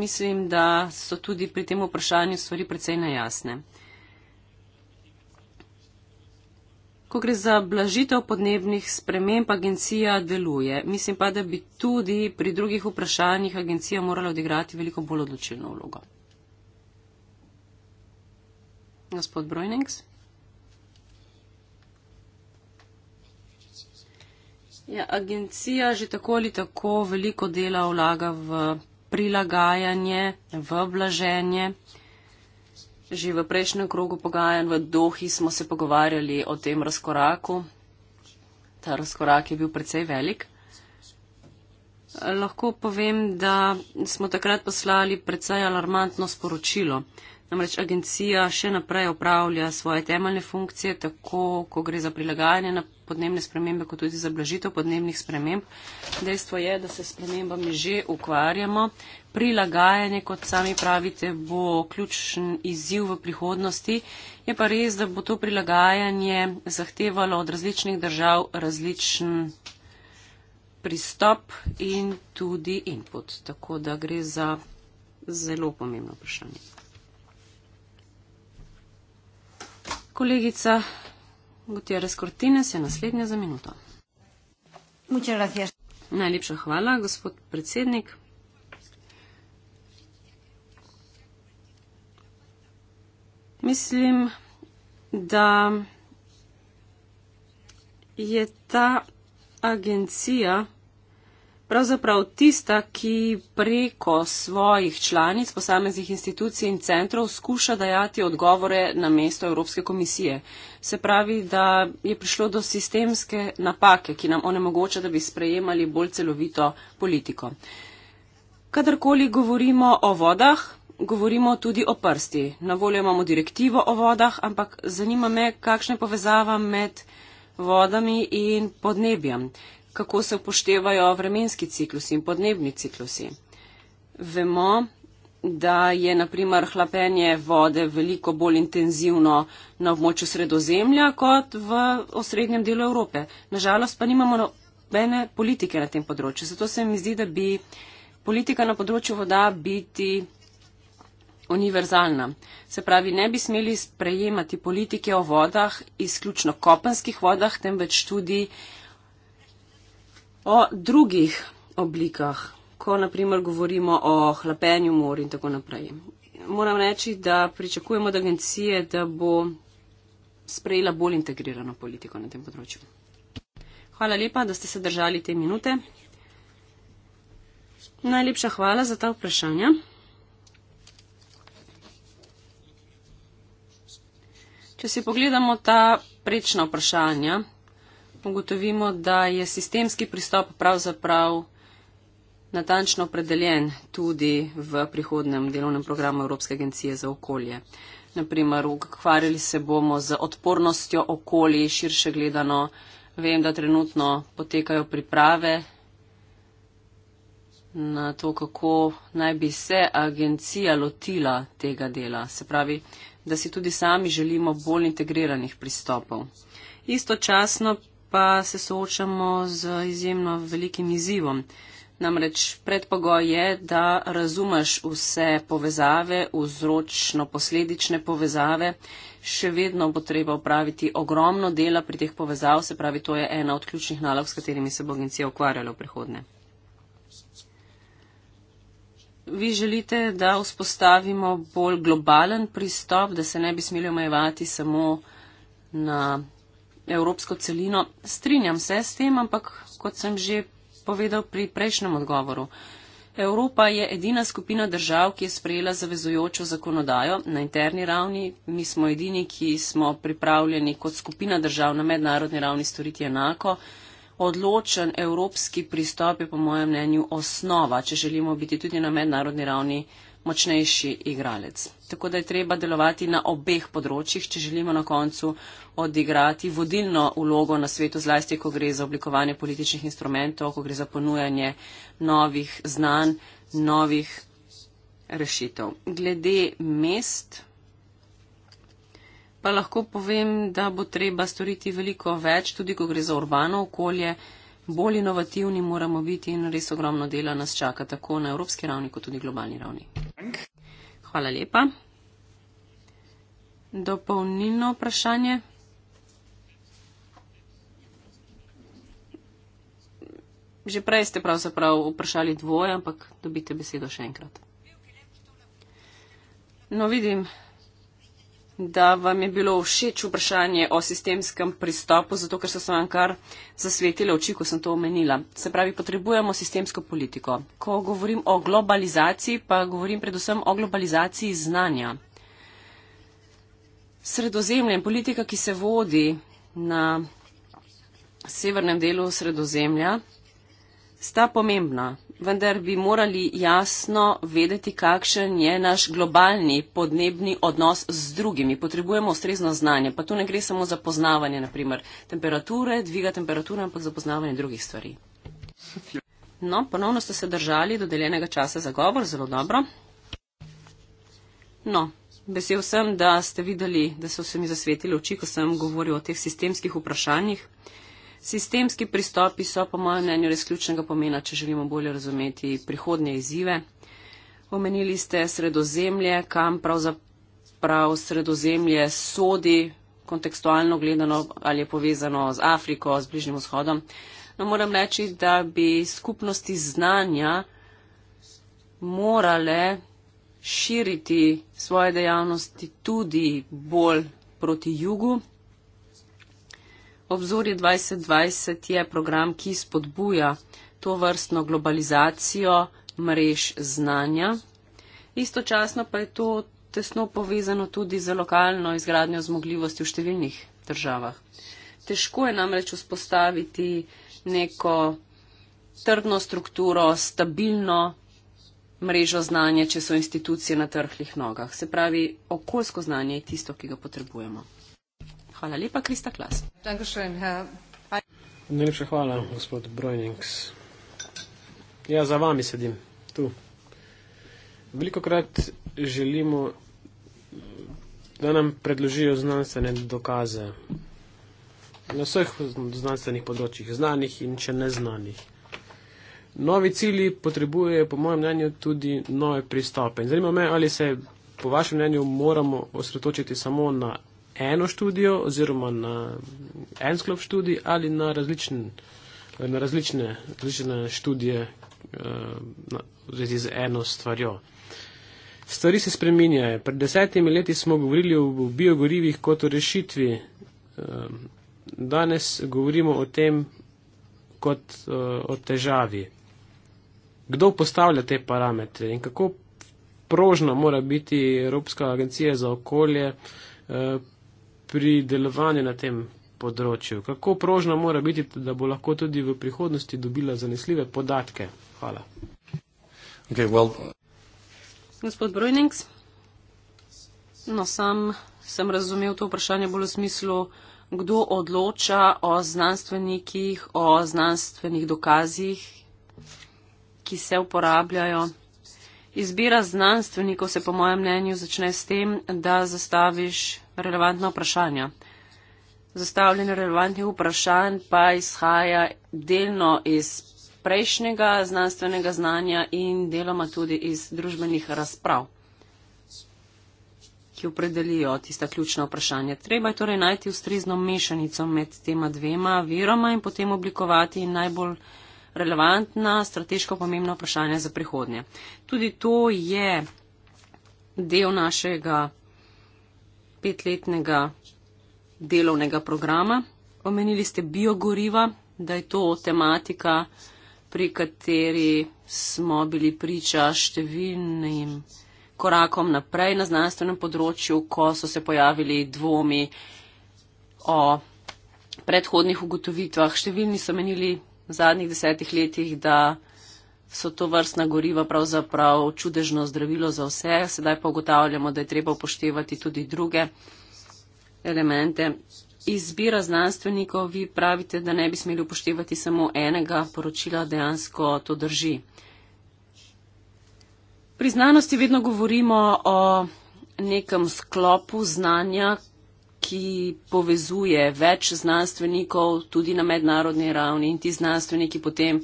Mislim, da so tudi pri tem vprašanju stvari precej nejasne. Ko gre za blažitev podnebnih sprememb, agencija deluje. Mislim pa, da bi tudi pri drugih vprašanjih agencija morala odigrati veliko bolj odločilno vlogo gospod Brojnings. Ja, agencija že tako ali tako veliko dela vlaga v prilagajanje, v blaženje. Že v prejšnjem krogu pogajanj v Dohi smo se pogovarjali o tem razkoraku. Ta razkorak je bil precej velik. Lahko povem, da smo takrat poslali precej alarmantno sporočilo. Namreč agencija še naprej opravlja svoje temeljne funkcije, tako ko gre za prilagajanje na podnebne spremembe, kot tudi za blažitev podnebnih sprememb. Dejstvo je, da se s spremembami že ukvarjamo. Prilagajanje, kot sami pravite, bo ključen izziv v prihodnosti. Je pa res, da bo to prilagajanje zahtevalo od različnih držav različen pristop in tudi input. Tako da gre za zelo pomembno vprašanje. kolegica Gutierrez Cortines je naslednja za minuto. Najlepša hvala, gospod predsednik. Mislim, da je ta agencija pravzaprav tista, ki preko svojih članic posameznih institucij in centrov skuša dajati odgovore na mesto Evropske komisije. Se pravi, da je prišlo do sistemske napake, ki nam onemogoča, da bi sprejemali bolj celovito politiko. Kadarkoli govorimo o vodah, govorimo tudi o prsti. Na voljo imamo direktivo o vodah, ampak zanima me, kakšna je povezava med vodami in podnebjem kako se upoštevajo vremenski ciklusi in podnebni ciklusi. Vemo, da je naprimer hlapenje vode veliko bolj intenzivno na območju sredozemlja kot v osrednjem delu Evrope. Nažalost pa nimamo nobene politike na tem področju. Zato se mi zdi, da bi politika na področju voda biti univerzalna. Se pravi, ne bi smeli sprejemati politike o vodah, izključno kopenskih vodah, temveč tudi o drugih oblikah, ko naprimer govorimo o hlapenju mor in tako naprej. Moram reči, da pričakujemo od agencije, da bo sprejela bolj integrirano politiko na tem področju. Hvala lepa, da ste se držali te minute. Najlepša hvala za ta vprašanja. Če si pogledamo ta prečna vprašanja, ugotovimo, da je sistemski pristop pravzaprav natančno opredeljen tudi v prihodnem delovnem programu Evropske agencije za okolje. Naprimer, ukvarjali se bomo z odpornostjo okolji širše gledano. Vem, da trenutno potekajo priprave na to, kako naj bi se agencija lotila tega dela. Se pravi, da si tudi sami želimo bolj integriranih pristopov. Istočasno pa se soočamo z izjemno velikim izzivom. Namreč predpogoj je, da razumeš vse povezave, vzročno-posledične povezave. Še vedno bo treba upraviti ogromno dela pri teh povezav, se pravi, to je ena od ključnih nalog, s katerimi se bo agencija ukvarjala v prihodnje. Vi želite, da vzpostavimo bolj globalen pristop, da se ne bi smeli omejevati samo na evropsko celino. Strinjam se s tem, ampak kot sem že povedal pri prejšnjem odgovoru. Evropa je edina skupina držav, ki je sprejela zavezujočo zakonodajo na interni ravni. Mi smo edini, ki smo pripravljeni kot skupina držav na mednarodni ravni storiti enako. Odločen evropski pristop je po mojem mnenju osnova, če želimo biti tudi na mednarodni ravni uh, močnejši igralec. Tako da je treba delovati na obeh področjih, če želimo na koncu odigrati vodilno ulogo na svetu, zlasti, ko gre za oblikovanje političnih instrumentov, ko gre za ponujanje novih znanj, novih rešitev. Glede mest. Pa lahko povem, da bo treba storiti veliko več, tudi ko gre za urbano okolje bolj inovativni moramo biti in res ogromno dela nas čaka tako na evropski ravni, kot tudi globalni ravni. Hvala lepa. Dopolnilno vprašanje. Že prej ste pravzaprav vprašali dvoje, ampak dobite besedo še enkrat. No, vidim, da vam je bilo všeč vprašanje o sistemskem pristopu, zato ker so se vam kar zasvetile oči, ko sem to omenila. Se pravi, potrebujemo sistemsko politiko. Ko govorim o globalizaciji, pa govorim predvsem o globalizaciji znanja. Sredozemlje in politika, ki se vodi na severnem delu sredozemlja, sta pomembna vendar bi morali jasno vedeti, kakšen je naš globalni podnebni odnos z drugimi. Potrebujemo ustrezno znanje, pa tu ne gre samo za poznavanje, naprimer, temperature, dviga temperature, ampak za poznavanje drugih stvari. No, ponovno ste se držali dodeljenega časa za govor, zelo dobro. No, vesel sem, da ste videli, da so se mi zasvetili oči, ko sem govoril o teh sistemskih vprašanjih. Sistemski pristopi so, po mojem mnenju, res ključnega pomena, če želimo bolje razumeti prihodnje izzive. Omenili ste sredozemlje, kam pravzaprav sredozemlje sodi, kontekstualno gledano, ali je povezano z Afriko, z Bližnjim vzhodom. No, moram reči, da bi skupnosti znanja morale širiti svoje dejavnosti tudi bolj proti jugu. Obzorje 2020 je program, ki spodbuja to vrstno globalizacijo mrež znanja. Istočasno pa je to tesno povezano tudi z lokalno izgradnjo zmogljivosti v številnih državah. Težko je namreč vzpostaviti neko trdno strukturo, stabilno mrežo znanja, če so institucije na trhlih nogah. Se pravi, okoljsko znanje je tisto, ki ga potrebujemo. Hvala lepa, Krista Klas. Najlepša hvala, gospod Brojnings. Ja, za vami sedim tu. Veliko krat želimo, da nam predložijo znanstvene dokaze na vseh znanstvenih področjih, znanih in če ne znanih. Novi cilji potrebujejo, po mojem mnenju, tudi nove pristope. In zanima me, ali se, po vašem mnenju, moramo osredotočiti samo na eno študijo oziroma na en sklop študij ali na, različen, na različne, različne študije eh, na, v zvezi z eno stvarjo. Stvari se spreminjajo. Pred desetimi leti smo govorili o biogorivih kot o rešitvi. Eh, danes govorimo o tem kot eh, o težavi. Kdo postavlja te parametre in kako prožna mora biti Evropska agencija za okolje pri delovanju na tem področju? Kako prožna mora biti, da bo lahko tudi v prihodnosti dobila zanesljive podatke? Hvala. Okay, well. Gospod Brojnings, no sam sem razumel to vprašanje bolj v smislu, kdo odloča o znanstvenikih, o znanstvenih dokazih, ki se uporabljajo. Izbira znanstvenikov se po mojem mnenju začne s tem, da zastaviš relevantna vprašanja. Zastavljanje relevantnih vprašanj pa izhaja delno iz prejšnjega znanstvenega znanja in deloma tudi iz družbenih razprav, ki opredelijo tista ključna vprašanja. Treba je torej najti ustrezno mešanico med tema dvema viroma in potem oblikovati najbolj relevantna, strateško pomembna vprašanja za prihodnje. Tudi to je del našega petletnega delovnega programa. Omenili ste biogoriva, da je to tematika, pri kateri smo bili priča številnim korakom naprej na znanstvenem področju, ko so se pojavili dvomi o predhodnih ugotovitvah. Številni so menili v zadnjih desetih letih, da so to vrstna goriva pravzaprav čudežno zdravilo za vse. Sedaj pa ugotavljamo, da je treba upoštevati tudi druge elemente. Izbira znanstvenikov, vi pravite, da ne bi smeli upoštevati samo enega poročila, dejansko to drži. Pri znanosti vedno govorimo o nekem sklopu znanja, ki povezuje več znanstvenikov tudi na mednarodni ravni in ti znanstveniki potem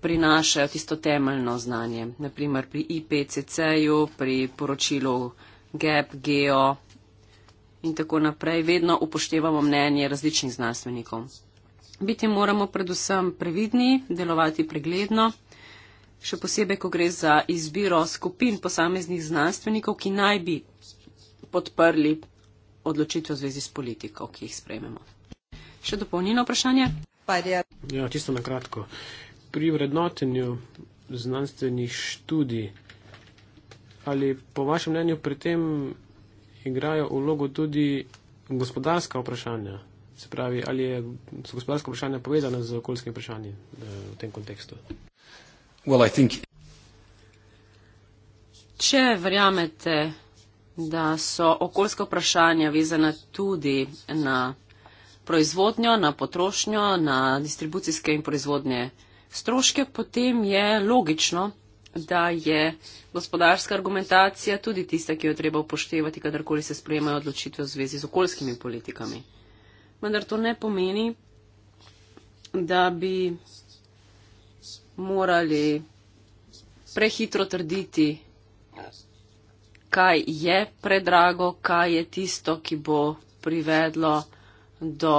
prinašajo tisto temeljno znanje. Naprimer pri IPCC-ju, pri poročilu GEP, GEO in tako naprej. Vedno upoštevamo mnenje različnih znanstvenikov. Biti moramo predvsem previdni, delovati pregledno, še posebej, ko gre za izbiro skupin posameznih znanstvenikov, ki naj bi podprli odločitev v zvezi s politiko, ki jih sprejmemo. Še dopolnjeno vprašanje? Ja, čisto na kratko pri vrednotenju znanstvenih študij, ali po vašem mnenju pri tem igrajo vlogo tudi gospodarska vprašanja? Se pravi, ali je, so gospodarska vprašanja povezana z okoljskim vprašanjem eh, v tem kontekstu? Well, think... Če verjamete, da so okoljska vprašanja vezana tudi na proizvodnjo, na potrošnjo, na distribucijske in proizvodnje stroške, potem je logično, da je gospodarska argumentacija tudi tista, ki jo treba upoštevati, kadarkoli se sprejemajo odločitve v zvezi z okoljskimi politikami. Vendar to ne pomeni, da bi morali prehitro trditi, kaj je predrago, kaj je tisto, ki bo privedlo do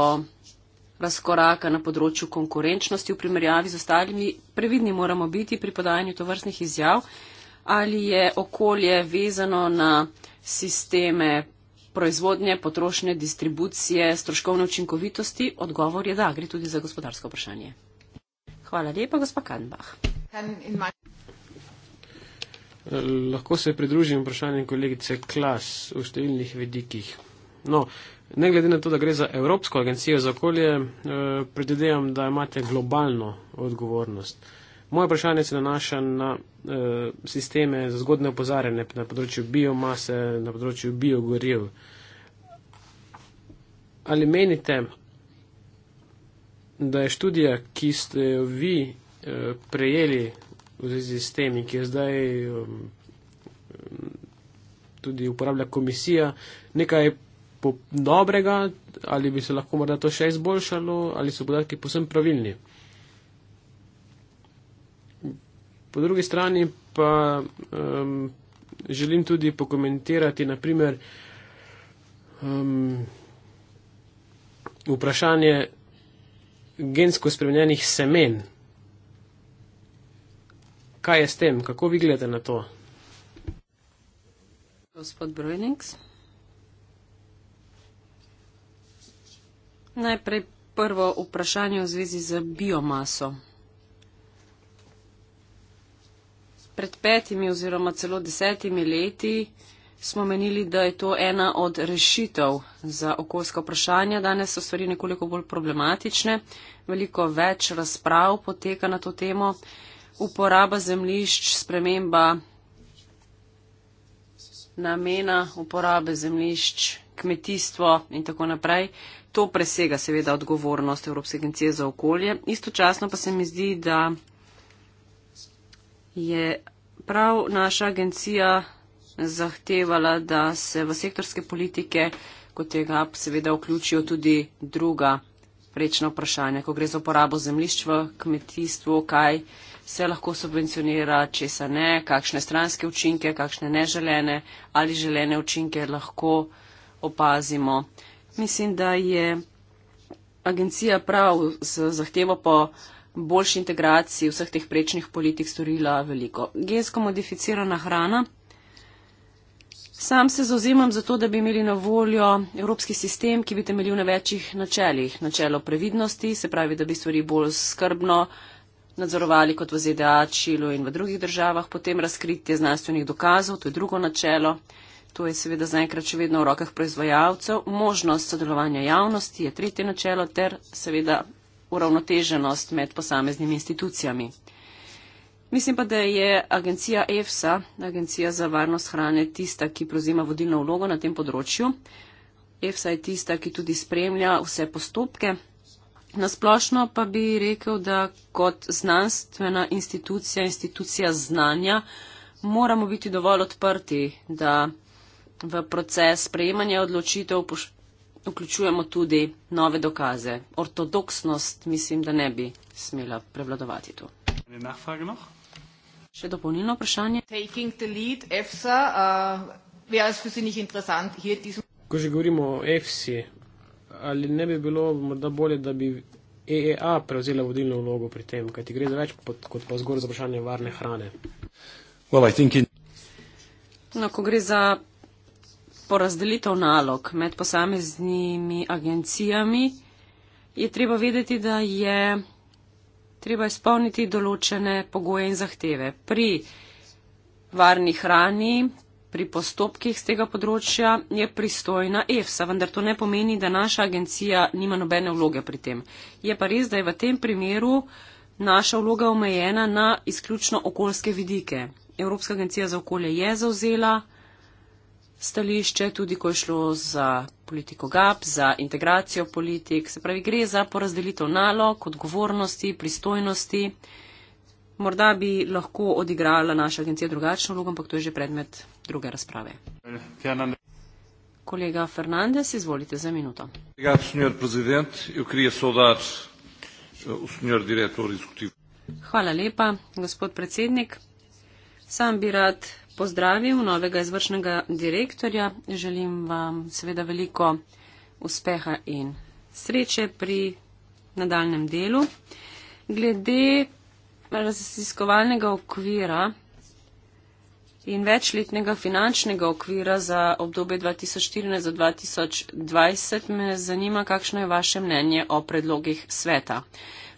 razkoraka na področju konkurenčnosti v primerjavi z ostalimi. Previdni moramo biti pri podajanju tovrstnih izjav, ali je okolje vezano na sisteme proizvodnje, potrošnje, distribucije, stroškovne učinkovitosti. Odgovor je da, gre tudi za gospodarsko vprašanje. Hvala lepa, gospod Kanbah. Lahko se pridružim vprašanjem kolegice Klas v številnih vedikih. No, ne glede na to, da gre za Evropsko agencijo za okolje, eh, predvidevam, da imate globalno odgovornost. Moje vprašanje se nanaša na eh, sisteme za zgodne opozarjanje na področju biomase, na področju biogoriv. Ali menite, da je študija, ki ste jo vi eh, prejeli v zvezi s tem in ki je zdaj tudi uporablja komisija, nekaj dobrega, ali bi se lahko morda to še izboljšalo, ali so podatki posem pravilni. Po drugi strani pa um, želim tudi pokomentirati naprimer um, vprašanje gensko spremenjenih semen. Kaj je s tem? Kako vi gledate na to? Gospod Brojnings. Najprej prvo vprašanje v zvezi z biomaso. Pred petimi oziroma celo desetimi leti smo menili, da je to ena od rešitev za okoljska vprašanja. Danes so stvari nekoliko bolj problematične. Veliko več razprav poteka na to temo. Uporaba zemlišč, sprememba namena uporabe zemlišč, kmetijstvo in tako naprej to presega seveda odgovornost Evropske agencije za okolje. Istočasno pa se mi zdi, da je prav naša agencija zahtevala, da se v sektorske politike kot tega seveda vključijo tudi druga prečna vprašanja, ko gre za uporabo zemljišč v kmetijstvu, kaj se lahko subvencionira, če se ne, kakšne stranske učinke, kakšne neželene ali želene učinke lahko opazimo. Mislim, da je agencija prav z zahtevo po boljši integraciji vseh teh prečnih politik storila veliko. Gensko modificirana hrana. Sam se zauzemam za to, da bi imeli na voljo evropski sistem, ki bi temeljil na večjih načelih. Načelo previdnosti, se pravi, da bi stvari bolj skrbno nadzorovali kot v ZDA, Čilu in v drugih državah, potem razkritje znanstvenih dokazov, to je drugo načelo. To je seveda zaenkrat še vedno v rokah proizvajalcev. Možnost sodelovanja javnosti je tretje načelo ter seveda uravnoteženost med posameznimi institucijami. Mislim pa, da je agencija EFSA, agencija za varnost hrane, tista, ki prozima vodilno vlogo na tem področju. EFSA je tista, ki tudi spremlja vse postopke. Nasplošno pa bi rekel, da kot znanstvena institucija, institucija znanja, moramo biti dovolj odprti, da v proces sprejemanja odločitev vključujemo tudi nove dokaze. Ortodoksnost mislim, da ne bi smela prevladovati tu. Še dopolnilno vprašanje. Uh, ja, ko že govorimo o EFSI, ali ne bi bilo morda bolje, da bi EEA prevzela vodilno vlogo pri tem, kaj ti gre za več pod, kot pa zgor za vprašanje varne hrane? Well, in... no, ko gre za porazdelitev nalog med posameznimi agencijami, je treba vedeti, da je treba izpolniti določene pogoje in zahteve. Pri varni hrani, pri postopkih z tega področja je pristojna EFSA, vendar to ne pomeni, da naša agencija nima nobene vloge pri tem. Je pa res, da je v tem primeru naša vloga omejena na izključno okoljske vidike. Evropska agencija za okolje je zauzela stališče, tudi ko je šlo za politiko GAP, za integracijo politik. Se pravi, gre za porazdelitev nalog, odgovornosti, pristojnosti. Morda bi lahko odigrala naša agencija drugačno vlogo, ampak to je že predmet druge razprave. Kolega Fernandez, izvolite za minuto. Eh, Hvala lepa, gospod predsednik. Sam bi rad pozdravil novega izvršnega direktorja. Želim vam seveda veliko uspeha in sreče pri nadaljem delu. Glede raziskovalnega okvira in večletnega finančnega okvira za obdobje 2014-2020 me zanima, kakšno je vaše mnenje o predlogih sveta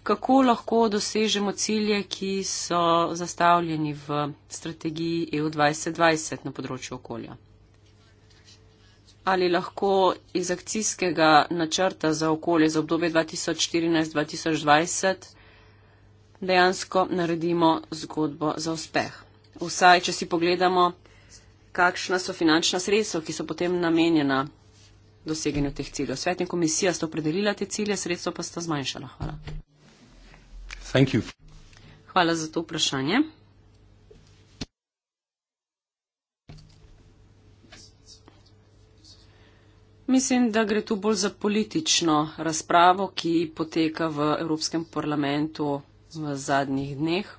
kako lahko dosežemo cilje, ki so zastavljeni v strategiji EU 2020 na področju okolja. Ali lahko iz akcijskega načrta za okolje za obdobje 2014-2020 dejansko naredimo zgodbo za uspeh. Vsaj, če si pogledamo, kakšna so finančna sredstva, ki so potem namenjena doseganju teh ciljev. Svetna komisija sta opredelila te cilje, sredstva pa sta zmanjšala. Hvala. Hvala za to vprašanje. Mislim, da gre tu bolj za politično razpravo, ki poteka v Evropskem parlamentu v zadnjih dneh.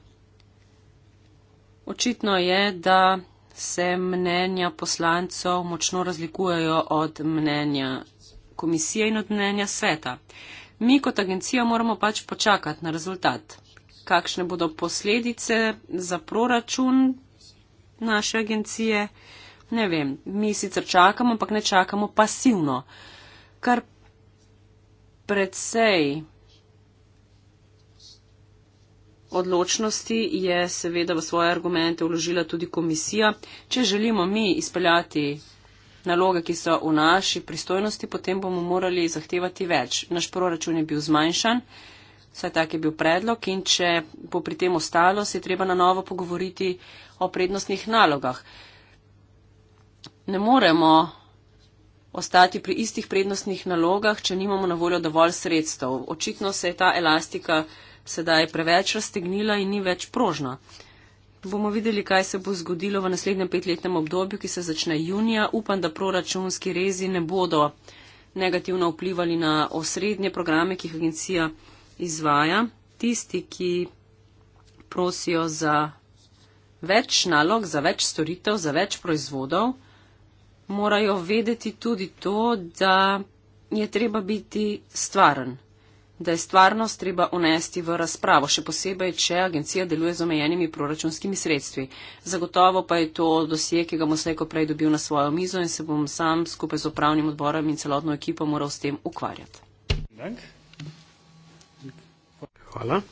Očitno je, da se mnenja poslancev močno razlikujejo od mnenja komisije in od mnenja sveta mi kot agencija moramo pač počakati na rezultat. Kakšne bodo posledice za proračun naše agencije? Ne vem, mi sicer čakamo, ampak ne čakamo pasivno, kar predvsej odločnosti je seveda v svoje argumente vložila tudi komisija, če želimo mi izpeljati naloge, ki so v naši pristojnosti, potem bomo morali zahtevati več. Naš proračun je bil zmanjšan, vsaj tak je bil predlog in če bo pri tem ostalo, se je treba na novo pogovoriti o prednostnih nalogah. Ne moremo ostati pri istih prednostnih nalogah, če nimamo na voljo dovolj sredstev. Očitno se je ta elastika sedaj preveč raztegnila in ni več prožna. Bomo videli, kaj se bo zgodilo v naslednjem petletnem obdobju, ki se začne junija. Upam, da proračunski rezi ne bodo negativno vplivali na osrednje programe, ki jih agencija izvaja. Tisti, ki prosijo za več nalog, za več storitev, za več proizvodov, morajo vedeti tudi to, da je treba biti stvaren da je stvarnost treba unesti v razpravo, še posebej, če agencija deluje z omejenimi proračunskimi sredstvi. Zagotovo pa je to dosje, ki ga bom slejko prej dobil na svojo mizo in se bom sam skupaj z upravnim odborom in celotno ekipo moral s tem ukvarjati. Hvala.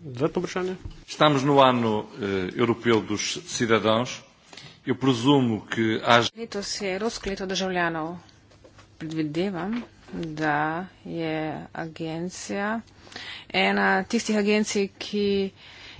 Dodatno vprašanje? Estamos no ano eh, europeu dos cidadãos. Eu presumo que haja. Letos je evropsko leto državljanov. Predvidevam da je agencija ena tistih agencij, ki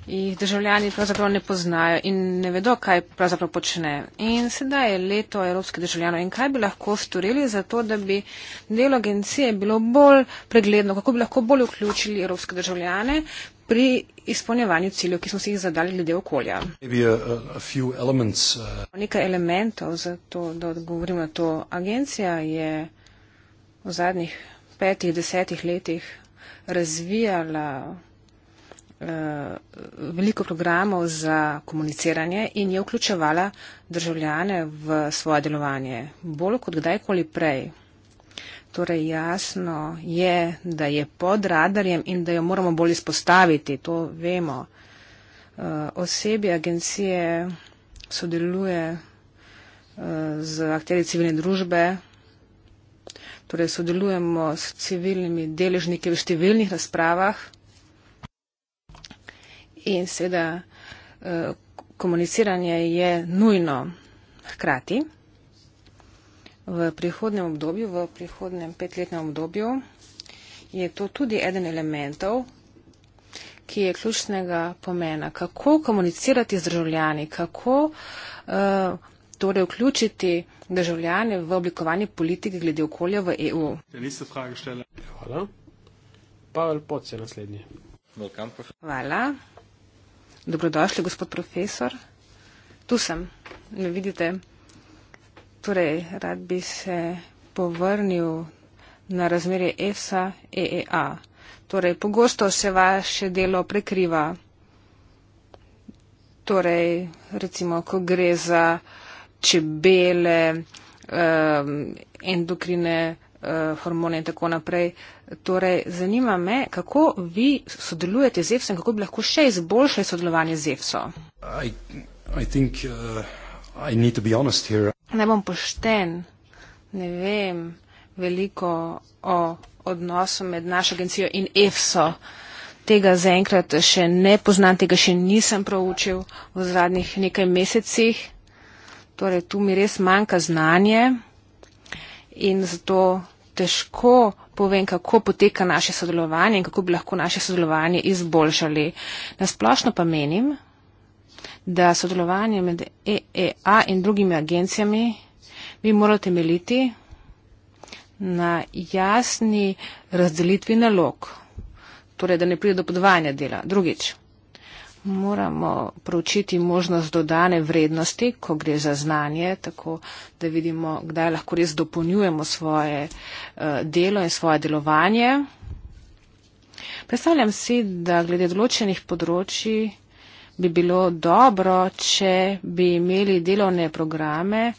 jih državljani pravzaprav ne poznajo in ne vedo, kaj pravzaprav počne. In sedaj je leto evropskih državljanov in kaj bi lahko storili za to, da bi delo agencije bilo bolj pregledno, kako bi lahko bolj vključili evropske državljane pri izpolnjevanju ciljev, ki smo si jih zadali glede okolja. Uh, Nekaj elementov za to, da odgovorimo na to. Agencija je v zadnjih petih, desetih letih razvijala eh, veliko programov za komuniciranje in je vključevala državljane v svoje delovanje, bolj kot kdajkoli prej. Torej jasno je, da je pod radarjem in da jo moramo bolj izpostaviti, to vemo. Eh, Osebi agencije sodeluje eh, z akteri civilne družbe, torej sodelujemo s civilnimi deležniki v številnih razpravah in seveda eh, komuniciranje je nujno hkrati. V prihodnem obdobju, v prihodnem petletnem obdobju je to tudi eden elementov, ki je ključnega pomena, kako komunicirati z državljani, kako uh, torej vključiti državljane v oblikovanje politike glede okolja v EU. Ja, Hvala. Pavel Poc je naslednji. Hvala. Dobrodošli, gospod profesor. Tu sem, me vidite. Torej, rad bi se povrnil na razmerje EFSA, EEA. Torej, pogosto se vaše delo prekriva. Torej, recimo, ko gre za uh, čebele, endokrine eh, hormone in tako naprej. Torej, zanima me, kako vi sodelujete z EFSO in kako bi lahko še izboljšali sodelovanje z EFSO. Uh, Naj bom pošten, ne vem veliko o odnosu med našo agencijo in EFSO. Tega zaenkrat še ne poznam, tega še nisem proučil v zadnjih nekaj mesecih. Torej, tu mi res manjka znanje in zato težko povem, kako poteka naše sodelovanje in kako bi lahko naše sodelovanje izboljšali. Nasplošno pa menim, da sodelovanje med EEA in drugimi agencijami bi moralo temeljiti na jasni razdelitvi nalog, torej da ne pride do podvajanja dela. Drugič moramo pročiti možnost dodane vrednosti, ko gre za znanje, tako da vidimo, kdaj lahko res dopolnjujemo svoje eh, delo in svoje delovanje. Predstavljam si, da glede določenih področji bi bilo dobro, če bi imeli delovne programe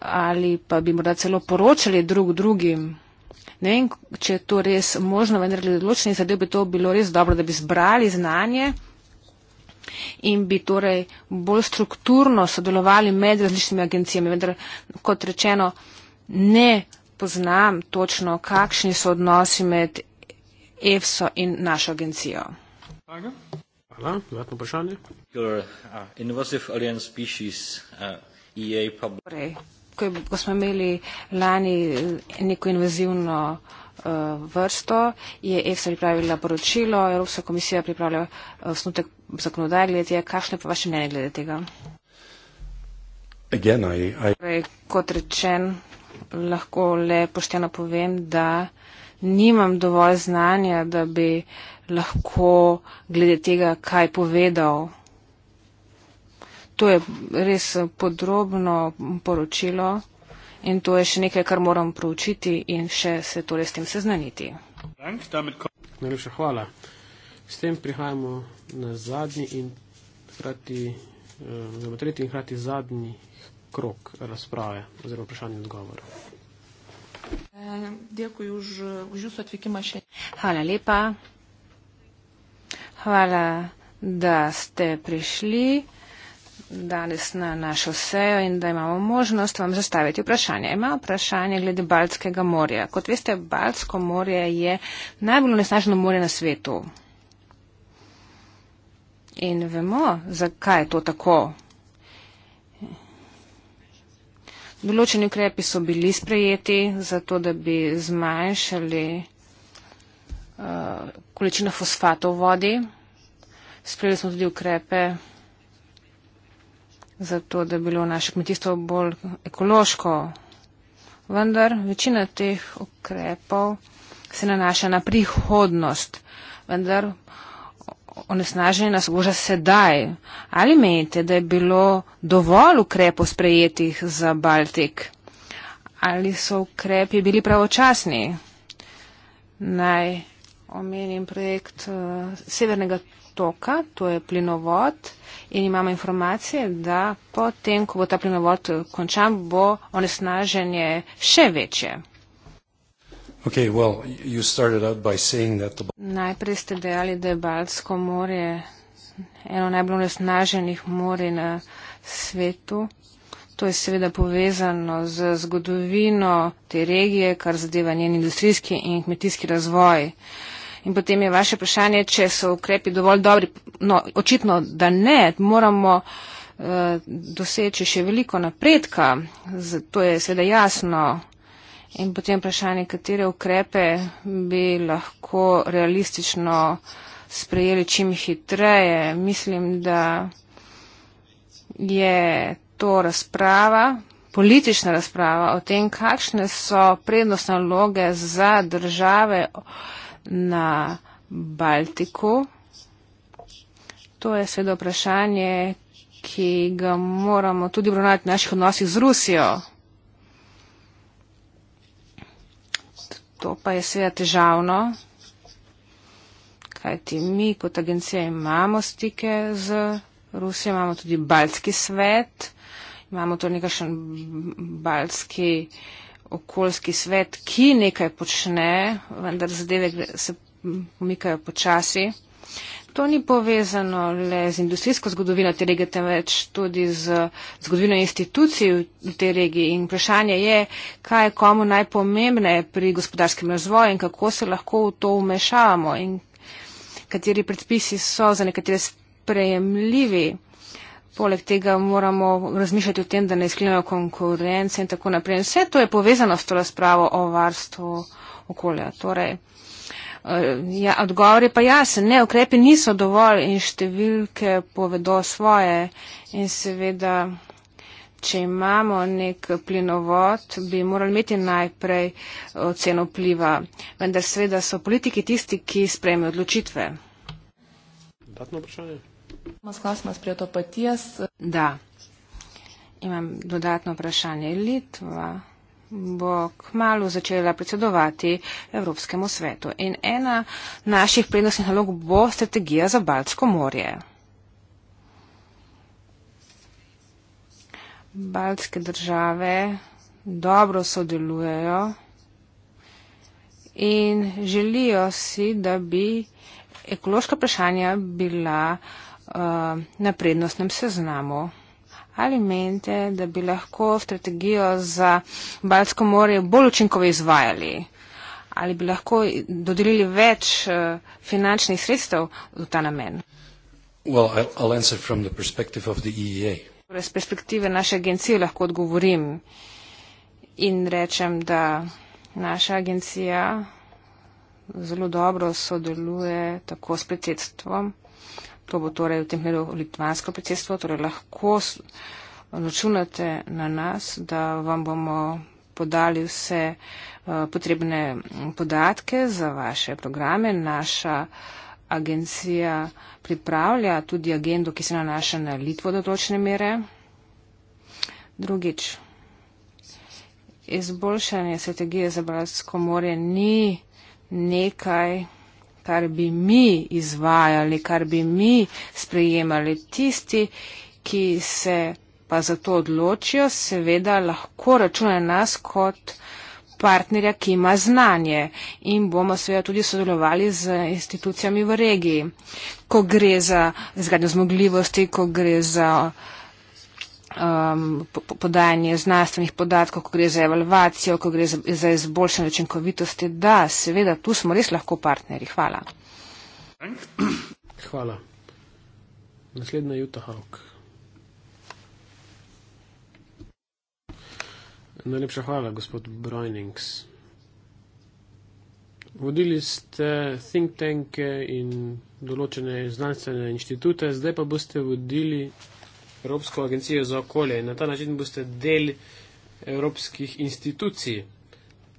ali pa bi morda celo poročali drug drugim. Ne vem, če je to res možno, vendar glede določenih zadev bi to bilo res dobro, da bi zbrali znanje in bi torej bolj strukturno sodelovali med različnimi agencijami. Vendar, kot rečeno, ne poznam točno, kakšni so odnosi med EFSO in našo agencijo. Hvala, dodatno vprašanje. Uh, uh, e torej, ko smo imeli lani neko invazivno Eh, vrsto, je EFSA pripravila poročilo, Evropska komisija pripravlja eh, osnutek zakonodaje glede tega. Kakšno je pa vaše mnenje glede tega? Again, I, I... Torej, kot rečen, lahko le pošteno povem, da nimam dovolj znanja, da bi lahko glede tega kaj povedal. To je res podrobno poročilo in to je še nekaj, kar moram proučiti in še se torej s tem seznaniti. Najlepša hvala. S tem prihajamo na zadnji in hkrati, eh, oziroma tretji in hkrati zadnji krok razprave oziroma vprašanje odgovora. Eh, hvala lepa. Hvala, da ste prišli danes na našo sejo in da imamo možnost vam zastaviti vprašanje. Imam vprašanje glede Baltskega morja. Kot veste, Baltsko morje je najbolj nesnaženo morje na svetu. In vemo, zakaj je to tako. Določeni ukrepi so bili sprejeti zato, da bi zmanjšali uh, količino fosfatov v vodi. Sprejeli smo tudi ukrepe zato da bi bilo naše kmetijstvo bolj ekološko. Vendar večina teh ukrepov se nanaša na prihodnost, vendar onesnaženje nas boža sedaj. Ali menite, da je bilo dovolj ukrepov sprejetih za Baltik? Ali so ukrepi bili pravočasni? Naj omenim projekt uh, Severnega toka, to je plinovod in imamo informacije, da potem, ko bo ta plinovod eh, končan, bo onesnaženje še večje. Okay, well, Najprej ste dejali, da je Balsko morje eno najbolj onesnaženih morij na svetu. To je seveda povezano z zgodovino te regije, kar zadeva njen industrijski in kmetijski razvoj. Uh, In potem je vaše vprašanje, če so ukrepi dovolj dobri. No, očitno, da ne. Moramo eh, doseči še veliko napredka, to je seveda jasno. In potem vprašanje, katere ukrepe bi lahko realistično sprejeli čim hitreje. Mislim, da je to razprava, politična razprava o tem, kakšne so prednostne vloge za države, na Baltiku? To je seveda vprašanje, ki ga moramo tudi obravnavati v naših odnosih z Rusijo. To pa je seveda težavno, kajti mi kot agencija imamo stike z Rusijo, imamo tudi Baltski svet, imamo tudi nekakšen Baltski svet okoljski svet, ki nekaj počne, vendar zadeve se pomikajo počasi. To ni povezano le z industrijsko zgodovino te regije, temveč tudi z zgodovino institucij v tej regiji. In vprašanje je, kaj je komu najpomembneje pri gospodarskem razvoju in kako se lahko v to umešavamo in kateri predpisi so za nekatere sprejemljivi. Poleg tega moramo razmišljati o tem, da ne sklinjajo konkurence in tako naprej. Vse to je povezano s to razpravo o varstvu okolja. Torej, eh, ja, odgovor je pa jasen. Ne, ukrepi niso dovolj in številke povedo svoje. In seveda, če imamo nek plinovod, bi morali imeti najprej eh, oceno pliva. Vendar seveda so politiki tisti, ki sprejme odločitve. Dodatno vprašanje? Mas klausimas prie to paties. Da. Imam dodatno vprašanje. Litva bo kmalo začela predsedovati Evropskemu svetu in ena naših prednostnih nalog bo strategija za Baltsko morje. Baltske države dobro sodelujejo in želijo si, da bi ekološka vprašanja bila uh, Eh, na prednostnem seznamu. Ali menite, da bi lahko strategijo za Balsko morje bolj učinkovo izvajali? Ali bi lahko dodelili več eh, finančnih sredstev v ta namen? Well, e e torej, z perspektive naše agencije lahko odgovorim in rečem, da naša agencija zelo dobro sodeluje tako s predsedstvom To bo torej v tem primeru litvansko predsedstvo, torej lahko računate na nas, da vam bomo podali vse eh, potrebne podatke za vaše programe. Naša agencija pripravlja tudi agendo, ki se nanaša na Litvo do točne mere. Drugič, izboljšanje strategije za Balatsko more ni nekaj, kar bi mi izvajali, kar bi mi sprejemali. Tisti, ki se pa za to odločijo, seveda lahko računajo nas kot partnerja, ki ima znanje in bomo seveda tudi sodelovali z institucijami v regiji. Ko gre za zgradnjo zmogljivosti, ko gre za. Uh, um, podajanje znanstvenih podatkov, ko gre za evalvacijo, ko gre za, za izboljšanje učinkovitosti. Da, seveda, tu smo res lahko partneri. Hvala. Hvala. Naslednja je Juta Hawk. Najlepša hvala, gospod Brojnings. Vodili ste think tanke in določene znanstvene inštitute, zdaj pa boste vodili Evropsko agencijo za okolje in na ta način boste del evropskih institucij.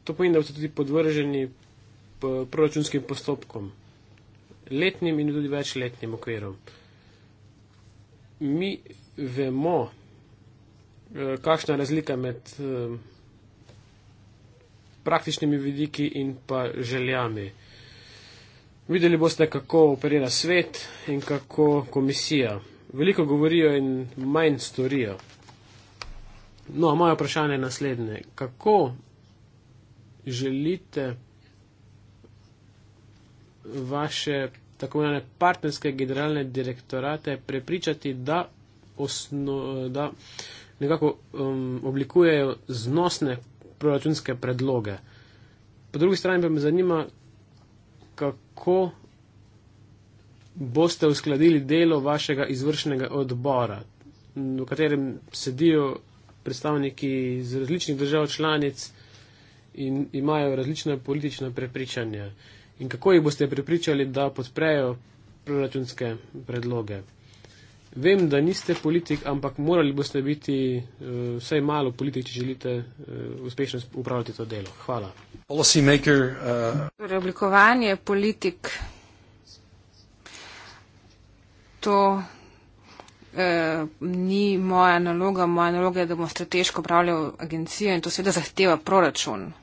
To pomeni, da boste tudi podvrženi proračunskim postopkom, letnim in tudi večletnim okvirom. Mi vemo, eh, kakšna je razlika med eh, praktičnimi vidiki in pa željami. Videli boste, kako operira svet in kako komisija veliko govorijo in manj storijo. No, moje vprašanje je naslednje. Kako želite vaše tako imenovane partnerske generalne direktorate prepričati, da, osno, da nekako um, oblikujejo znosne proračunske predloge? Po drugi strani pa me zanima, kako boste uskladili delo vašega izvršnega odbora, v katerem sedijo predstavniki iz različnih držav članic in imajo različna politična prepričanja. In kako jih boste prepričali, da podprejo proračunske predloge? Vem, da niste politik, ampak morali boste biti uh, vsaj malo politik, če želite uh, uspešno upravljati to delo. Hvala. Policymaker. Uh... Eh, Preoblikovanje torej, politik to eh, ni moja naloga. Moja naloga je, da bom strateško upravljal agencijo in to seveda zahteva proračun.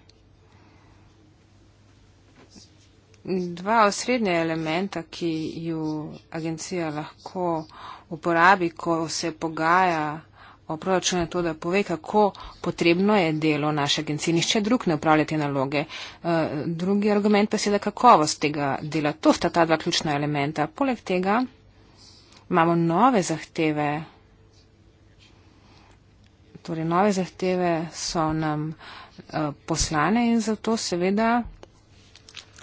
Dva osrednja elementa, ki ju agencija lahko uporabi, ko se pogaja o proračunu, je to, da pove, kako potrebno je delo naše agencije. Nišče drug ne upravlja te naloge. Eh, drugi argument pa je seveda kakovost tega dela. To sta ta dva ključna elementa. Poleg tega imamo nove zahteve. Torej, nove zahteve so nam uh, poslane in zato seveda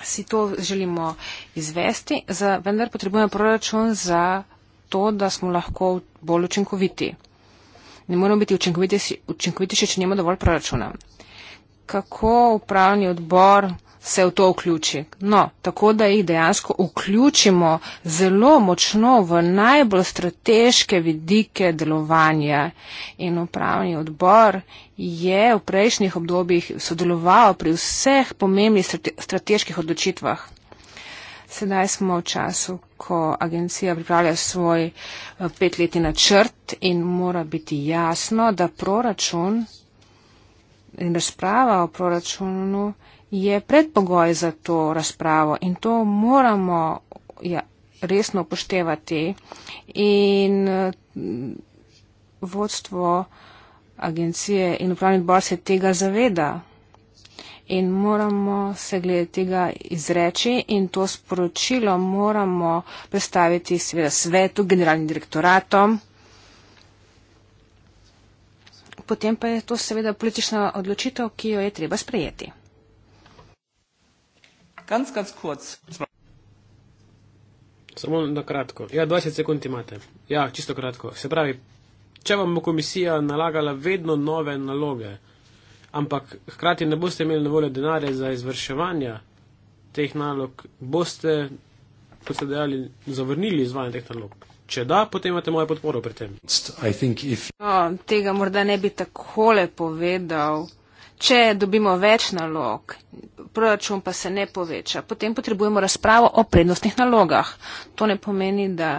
si to želimo izvesti, za, vendar potrebujemo proračun za to, da smo lahko bolj učinkoviti. Ne moramo biti učinkoviti, učinkoviti še, če nimamo dovolj proračuna. Kako upravni odbor se v to vključi. No, tako da jih dejansko vključimo zelo močno v najbolj strateške vidike delovanja. In upravni odbor je v prejšnjih obdobjih sodeloval pri vseh pomembnih strateških odločitvah. Sedaj smo v času, ko agencija pripravlja svoj eh, petletni načrt in mora biti jasno, da proračun in razprava o proračunu je predpogoj za to razpravo in to moramo ja, resno upoštevati. In eh, vodstvo agencije in upravni odbor se tega zaveda in moramo se glede tega izreči in to sporočilo moramo predstaviti seveda svetu, generalnim direktoratom. Potem pa je to seveda politična odločitev, ki jo je treba sprejeti. Ganz, ganz kurz. Samo na kratko. Ja, 20 sekund imate. Ja, čisto kratko. Se pravi, če vam bo komisija nalagala vedno nove naloge, ampak hkrati ne boste imeli na voljo denarja za izvrševanje teh nalog, boste, kot ste dejali, zavrnili izvajanje teh nalog. Če da, potem imate mojo podporo pri tem. No, tega morda ne bi takole povedal. Če dobimo več nalog, proračun pa se ne poveča, potem potrebujemo razpravo o prednostnih nalogah. To ne pomeni, da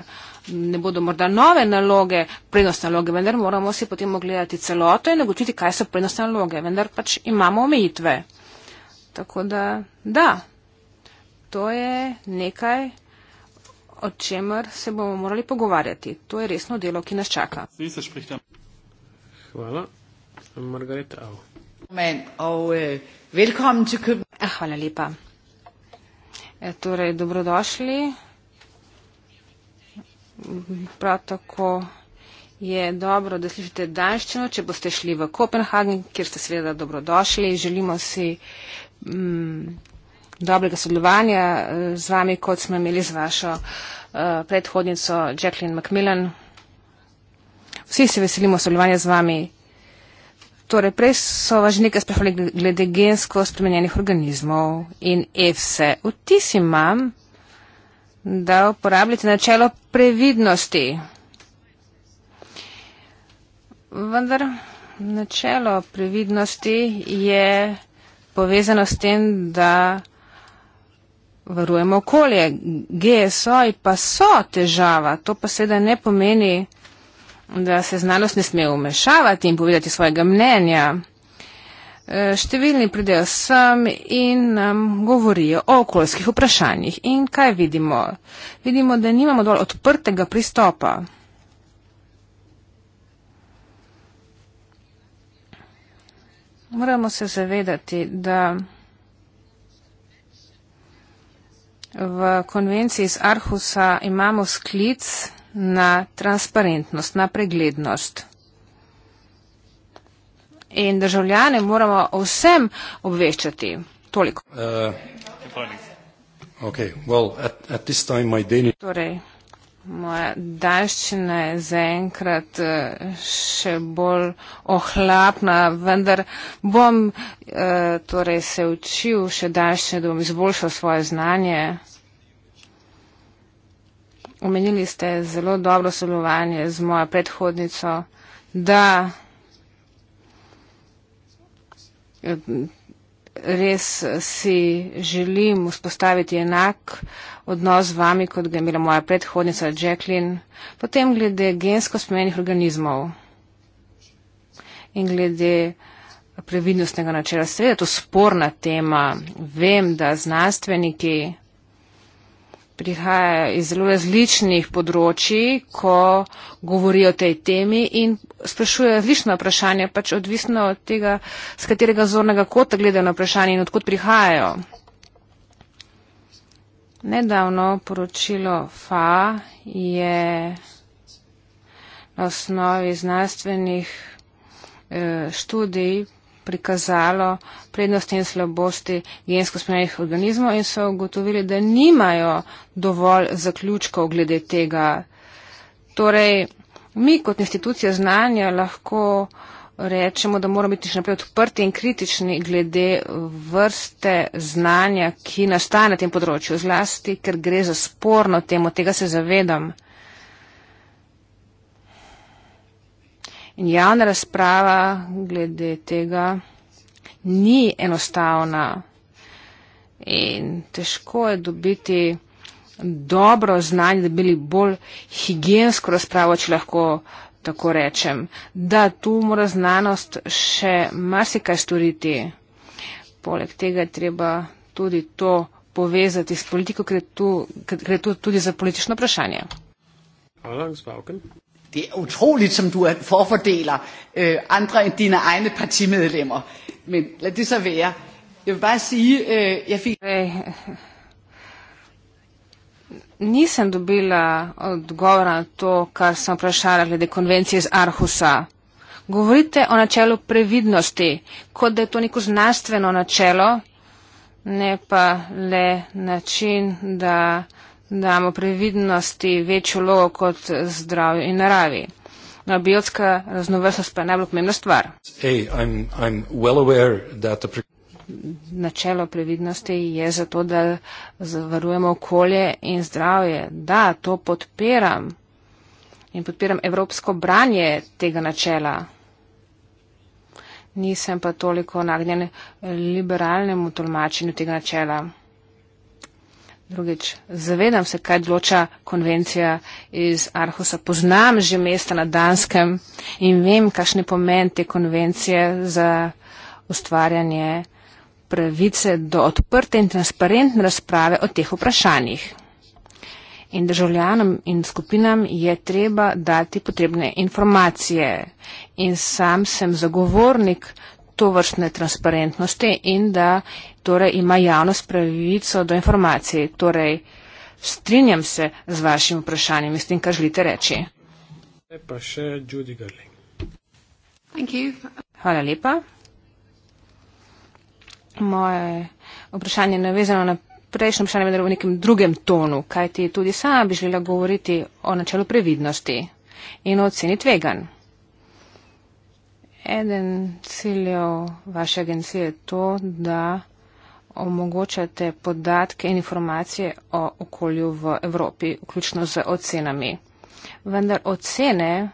ne bodo morda nove naloge, prednostne naloge, vendar moramo si potem ogledati celoto in ugotoviti, kaj so prednostne naloge, vendar pač imamo omejitve. Tako da, da, to je nekaj, o čemer se bomo morali pogovarjati. To je resno delo, ki nas čaka. Hvala. Margareta. Øh, eh, hvala lepa. Eh, torej, dobrodošli. Prav tako je dobro, da slišite danščino, če boste šli v Kopenhagen, kjer ste seveda dobrodošli. Želimo si m, mm, dobrega sodelovanja eh, z vami, kot smo imeli z vašo uh, predhodnico Jacqueline McMillan. Vsi se veselimo sodelovanja z vami Torej, prej so vas nekaj sprašvali glede gensko spremenjenih organizmov in EFSE. Vtis imam, da uporabljate načelo previdnosti. Vendar načelo previdnosti je povezano s tem, da varujemo okolje. GSO-ji pa so težava. To pa seveda ne pomeni, da se znanost ne sme umešavati in povedati svojega mnenja. E, številni pridejo sem in nam govorijo o okoljskih vprašanjih. In kaj vidimo? Vidimo, da nimamo dovolj odprtega pristopa. Moramo se zavedati, da v konvenciji iz Arhusa imamo sklic na transparentnost, na preglednost. In državljane moramo vsem obveščati. Toliko. Uh, okay. well, at, at daily... Torej, moja danščina je zaenkrat uh, še bolj ohlapna, vendar bom uh, torej se učil še danščine, da bom izboljšal svoje znanje omenili ste zelo dobro sodelovanje z mojo predhodnico, da res si želim vzpostaviti enak odnos z vami, kot ga je imela moja predhodnica Jacqueline, potem glede gensko spremenjenih organizmov in glede previdnostnega načela. Seveda je to sporna tema. Vem, da znanstveniki prihaja iz zelo različnih področji, ko govori o tej temi in sprašuje različna vprašanja, pač odvisno od tega, z katerega zornega kota gledajo na vprašanje in odkud prihajajo. Nedavno poročilo FA je na osnovi znanstvenih eh, študij prikazalo prednosti in slabosti gensko spremenjenih organizmov in so ugotovili, da nimajo dovolj zaključkov glede tega. Torej, mi kot institucija znanja lahko rečemo, da moramo biti še naprej odprti in kritični glede vrste znanja, ki nastane na tem področju, zlasti, ker gre za sporno temo, tega se zavedam. In javna razprava glede tega ni enostavna in težko je dobiti dobro znanje, da bi bili bolj higijensko razpravo, če lahko tako rečem. Da tu mora znanost še marsikaj storiti. Poleg tega je treba tudi to povezati s politiko, ker je tu tudi za politično vprašanje. Hvala, gospod Avken det er utroligt, som du forfordeler øh, andre end dine egne partimedlemmer. Men lad det så være. Jeg vil bare sige, øh, jeg fik... Øh, nisem dobila odgovora na to, kar sem vprašala glede konvencije z Arhusa. Govorite o načelu previdnosti, kot da je to neko znanstveno načelo, ne pa le način, da damo previdnosti večjo vlogo kot zdravju in naravi. No, biotska raznovrstnost pa je najbolj pomembna stvar. Hey, I'm, I'm well pre... Načelo previdnosti je zato, da zavarujemo okolje in zdravje. Da, to podpiram. In podpiram evropsko branje tega načela. Nisem pa toliko nagnjen liberalnemu tolmačenju tega načela. Drugič, zavedam se, kaj določa konvencija iz Arhusa. Poznam že mesta na Danskem in vem, kakšen je pomen te konvencije za ustvarjanje pravice do odprte in transparentne razprave o teh vprašanjih. In državljanom in skupinam je treba dati potrebne informacije. In sam sem zagovornik to vrstne transparentnosti in da torej ima javnost pravico do informacij. Torej, strinjam se z vašim vprašanjem in s tem, kar želite reči. Pa še Judy Garling. Hvala lepa. Moje vprašanje je navezano na prejšnje vprašanje, vendar v nekem drugem tonu, kajti tudi sama bi želela govoriti o načelu previdnosti in o ceni tvegan. Eden ciljev vaše agencije je to, da omogočate podatke in informacije o okolju v Evropi, vključno z ocenami. Vendar ocene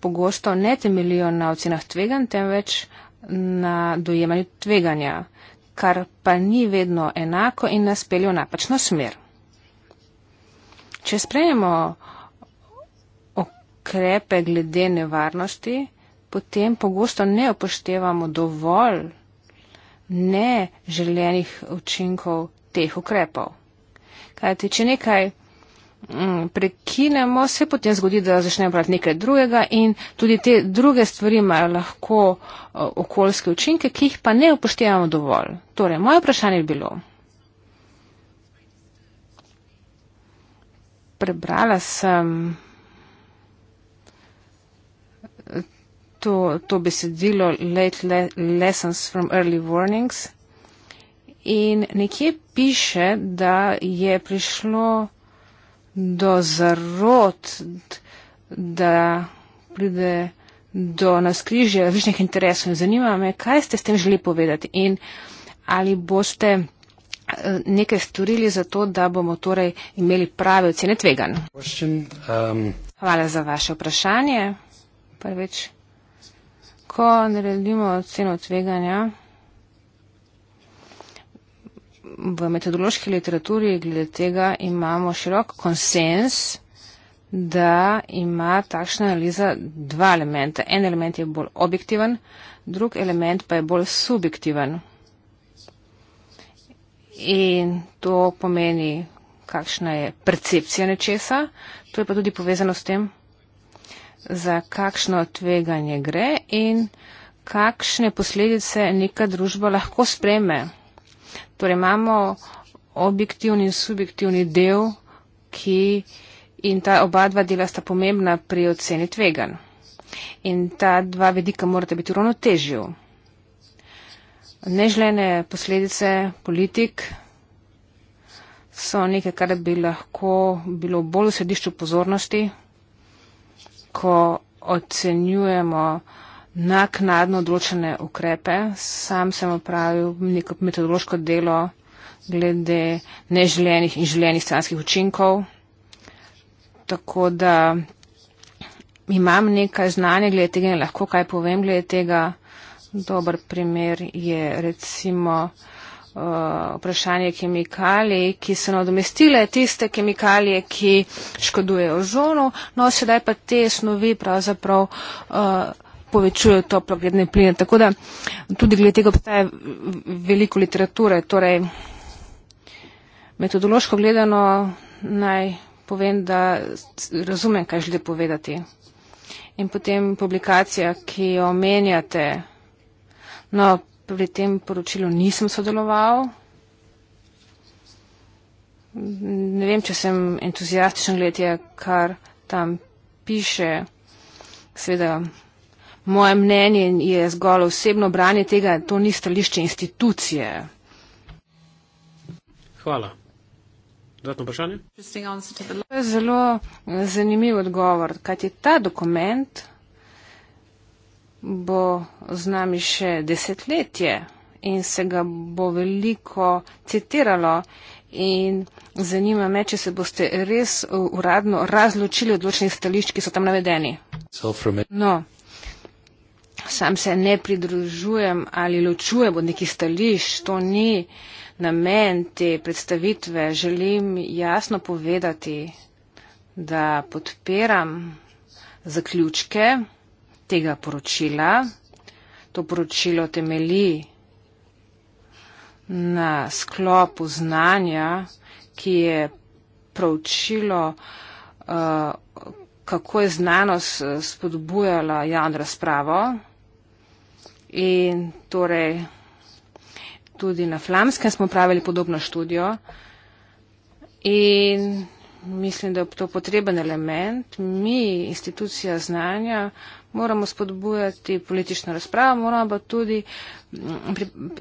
pogosto ne temelijo na ocenah tvegan, temveč na dojemanju tveganja, kar pa ni vedno enako in nas pelje v napačno smer. Če sprejemo okrepe glede nevarnosti, potem pogosto ne upoštevamo dovolj ne želenih učinkov teh ukrepov. Kajti, če nekaj mm, prekinemo, se potem zgodi, da začnemo brati nekaj drugega in tudi te druge stvari imajo lahko uh, okoljske učinke, ki jih pa ne upoštevamo dovolj. Torej, moje vprašanje je bilo. Prebrala sem to, to besedilo Late le Lessons from Early Warnings in nekje piše, da je prišlo do zarod, da pride do naskrižja različnih interesov. Zanima me, kaj ste s tem želi povedati in ali boste eh, nekaj storili za to, da bomo torej imeli prave ocene tvegan. Um, Hvala za vaše vprašanje. Prvič ko naredimo oceno tveganja v metodološki literaturi glede tega, imamo širok konsens, da ima takšna analiza dva elementa. En element je bolj objektiven, drug element pa je bolj subjektiven. In to pomeni, kakšna je percepcija nečesa. To je pa tudi povezano s tem za kakšno tveganje gre in kakšne posledice neka družba lahko spreme. Torej imamo objektivni in subjektivni del, ki in ta oba dva dela sta pomembna pri oceni tvegan. In ta dva vedika morata biti ravno težjo. Neželene posledice politik so nekaj, kar bi lahko bilo bolj v središču pozornosti ko ocenjujemo naknadno odločene ukrepe. Sam sem opravil neko metodološko delo glede neželenih in želenih stranskih učinkov. Tako da imam nekaj znanja glede tega in lahko kaj povem glede tega. Dober primer je recimo Eh, vprašanje kemikalij, ki so nadomestile tiste kemikalije, ki škodujejo ozonu, no sedaj pa te snovi pravzaprav eh, povečujejo toplogredne pline. Tako da tudi glede tega obstaja veliko literature. Torej, metodološko gledano naj povem, da razumem, kaj želite povedati. In potem publikacija, ki jo omenjate, no, pri tem poročilu nisem sodeloval. Ne vem, če sem entuzijastičen letje, kar tam piše. Sveda, moje mnenje je zgolj osebno branje tega, to ni stališče institucije. Hvala. Zadatno vprašanje? Zelo eh, zanimiv odgovor, kajti ta dokument bo z nami še desetletje in se ga bo veliko citiralo. In zanima me, če se boste res uradno razločili odločnih stališč, ki so tam navedeni. No, sam se ne pridružujem ali ločujem od nekih stališč, to ni namen te predstavitve. Želim jasno povedati, da podpiram zaključke tega poročila. To poročilo temeli na sklopu znanja, ki je pravčilo, eh, kako je znanost eh, spodbujala javno razpravo in torej tudi na Flamskem smo pravili podobno študijo in mislim, da je to potreben element. Mi, institucija znanja, moramo spodbujati politično razpravo, moramo pa tudi mm,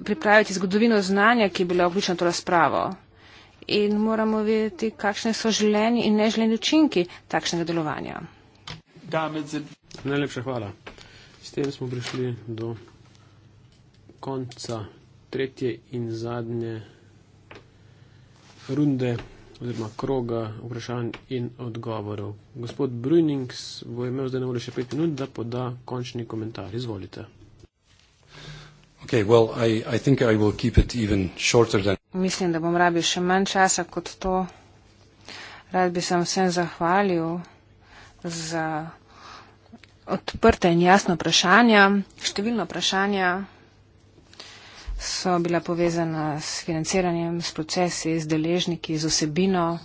pripraviti zgodovino znanja, ki je bila vključena v to razpravo. In moramo vedeti, kakšne so želeni in neželeni učinki takšnega delovanja. Najlepša hvala. S tem smo prišli do konca tretje in zadnje runde oziroma kroga vprašanj in odgovorov. Gospod Brujnings bo imel zdaj na voljo še pet minut, da poda končni komentar. Izvolite. Okay, well, I, I think I will keep it even shorter than. Mislim, da bom rabil še manj časa kot to. Rad bi sem vsem zahvalil za odprte in jasno vprašanja, številno vprašanja so bila povezana s financiranjem, s procesi, z deležniki, z osebino.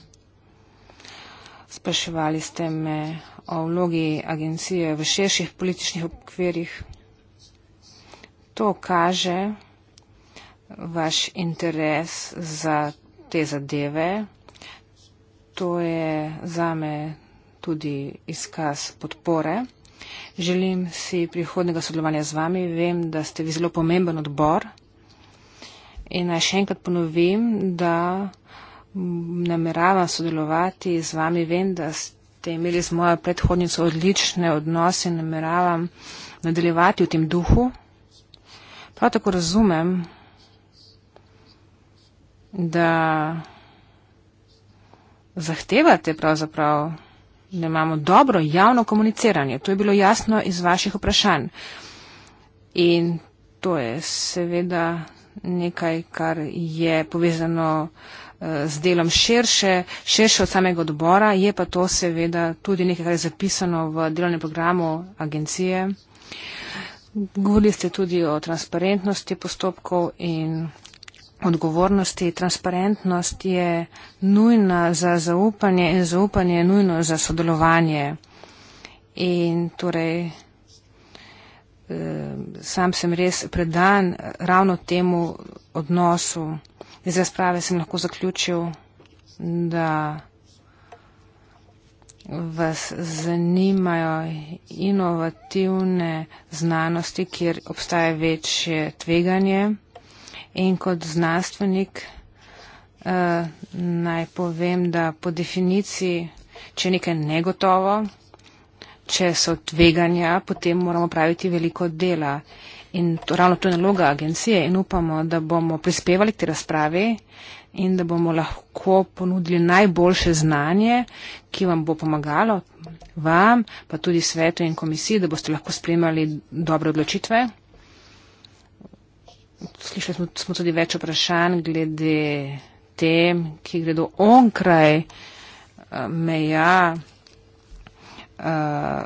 Spraševali ste me o vlogi agencije v širših političnih okvirih. To kaže vaš interes za te zadeve. To je zame tudi izkaz podpore. Želim si prihodnega sodelovanja z vami. Vem, da ste vi zelo pomemben odbor. In naj še enkrat ponovim, da nameravam sodelovati z vami. Vem, da ste imeli z mojo predhodnico odlične odnose in nameravam nadaljevati v tem duhu. Prav tako razumem, da zahtevate pravzaprav, da imamo dobro javno komuniciranje. To je bilo jasno iz vaših vprašanj. In to je seveda nekaj, kar je povezano eh, z delom širše, širše od samega odbora, je pa to seveda tudi nekaj, kar je zapisano v delovnem programu agencije. Govorili ste tudi o transparentnosti postopkov in odgovornosti. Transparentnost je nujna za zaupanje in zaupanje je nujno za sodelovanje. In torej Eh, sam sem res predan ravno temu odnosu. Iz razprave sem lahko zaključil, da vas zanimajo inovativne znanosti, kjer obstaja večje tveganje. In kot znanstvenik eh, naj povem, da po definiciji, če nekaj negotovo, če so tveganja, potem moramo praviti veliko dela. In to, ravno to je naloga agencije in upamo, da bomo prispevali k tej razpravi in da bomo lahko ponudili najboljše znanje, ki vam bo pomagalo, vam, pa tudi svetu in komisiji, da boste lahko spremljali dobre odločitve. Slišali smo, smo tudi več vprašanj glede tem, ki gredo onkraj eh, meja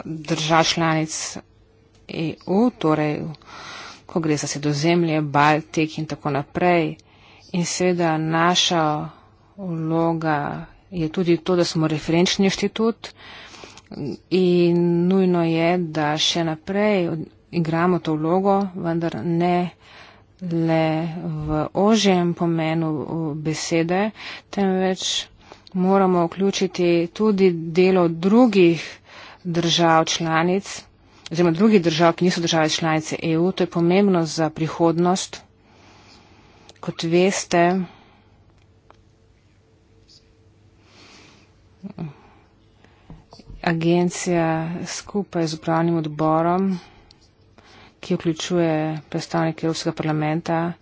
držav članic EU, torej ko gre za sredozemlje, Baltik in tako naprej. In seveda naša vloga je tudi to, da smo referenčni inštitut in nujno je, da še naprej igramo to vlogo, vendar ne le v ožjem pomenu besede, temveč moramo vključiti tudi delo drugih držav članic, oziroma drugih držav, ki niso države članice EU. To je pomembno za prihodnost. Kot veste, agencija skupaj z upravnim odborom, ki vključuje predstavnike Evropskega parlamenta,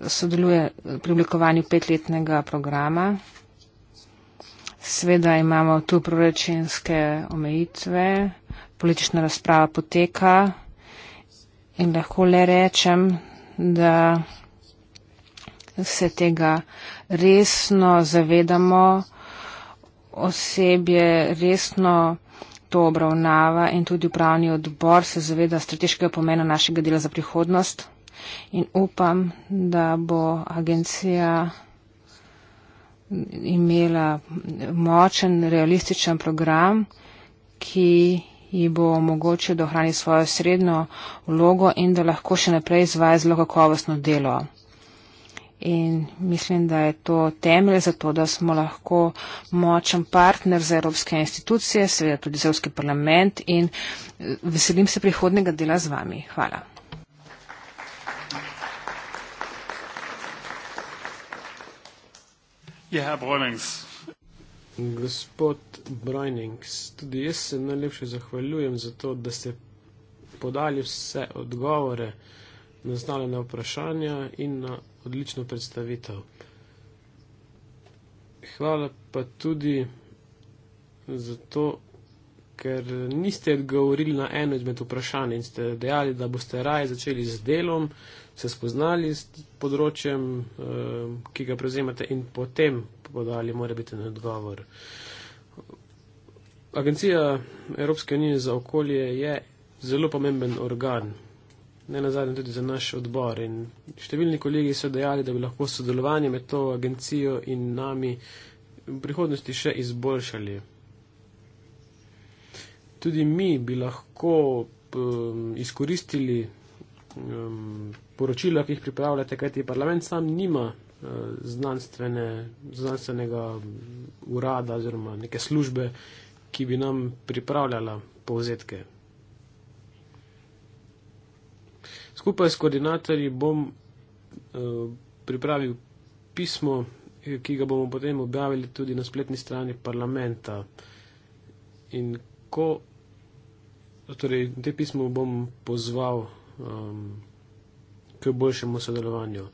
sodeluje pri oblikovanju petletnega programa. Sveda imamo tu proračunske omejitve, politična razprava poteka in lahko le rečem, da se tega resno zavedamo, osebje resno to obravnava in tudi upravni odbor se zaveda strateškega pomena našega dela za prihodnost in upam, da bo agencija imela močen, realističen program, ki ji bo omogočil, da ohrani svojo srednjo vlogo in da lahko še naprej izvaja zelo kakovostno delo. In mislim, da je to temelj za to, da smo lahko močen partner za evropske institucije, seveda tudi za evropski parlament in veselim se prihodnega dela z vami. Hvala. Je, ja, Herr Brojnings. Gospod Brojnings, tudi jaz se najlepše zahvaljujem za to, da ste podali vse odgovore na znalene vprašanja in na odlično predstavitev. Hvala pa tudi za to, ker niste odgovorili na eno izmed vprašanj in ste dejali, da boste raje začeli z delom, se spoznali s področjem, eh, ki ga prevzemate in potem podali mora biti na odgovor. Agencija Evropske unije za okolje je zelo pomemben organ, ne nazadnje tudi za naš odbor in številni kolegi so dejali, da bi lahko sodelovanje med to agencijo in nami v prihodnosti še izboljšali. Tudi mi bi lahko um, izkoristili um, poročila, ki jih pripravljate, kajti parlament sam nima eh, znanstvene, znanstvenega urada oziroma neke službe, ki bi nam pripravljala povzetke. Skupaj s koordinatorji bom eh, pripravil pismo, eh, ki ga bomo potem objavili tudi na spletni strani parlamenta. In ko, torej, te pismo bom pozval. Um, k boljšemu sodelovanju.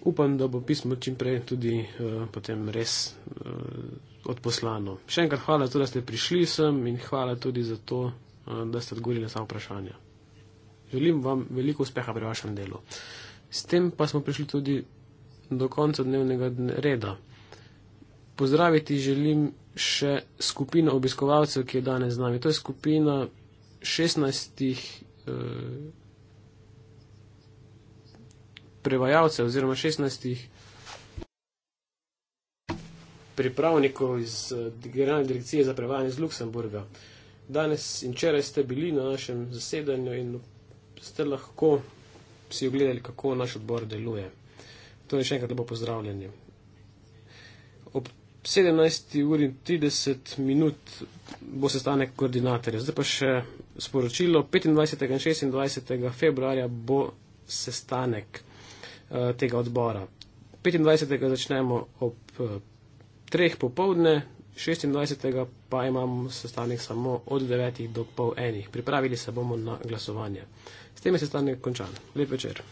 Upam, da bo pismo čim prej tudi uh, potem res uh, odposlano. Še enkrat hvala, to, da ste prišli sem in hvala tudi za to, uh, da ste odgovorili na ta vprašanja. Želim vam veliko uspeha pri vašem delu. S tem pa smo prišli tudi do konca dnevnega reda. Pozdraviti želim še skupino obiskovalcev, ki je danes z nami. To je skupina 16. Uh, prevajalcev oziroma 16 pripravnikov iz eh, Generalne direkcije za prevajanje iz Luksemburga. Danes in včeraj ste bili na našem zasedanju in ste lahko si ogledali, kako naš odbor deluje. To torej, je še enkrat lepo pozdravljanje. Ob 17.30 minut bo sestanek koordinatorja. Zdaj pa še sporočilo. 25. in 26. februarja bo sestanek. Eh, tega odbora. 25. začnemo ob eh, treh popovdne, 26. pa imamo sestanek samo od 9. do pol enih. Pripravili se bomo na glasovanje. S tem je sestanek končan. Lep večer.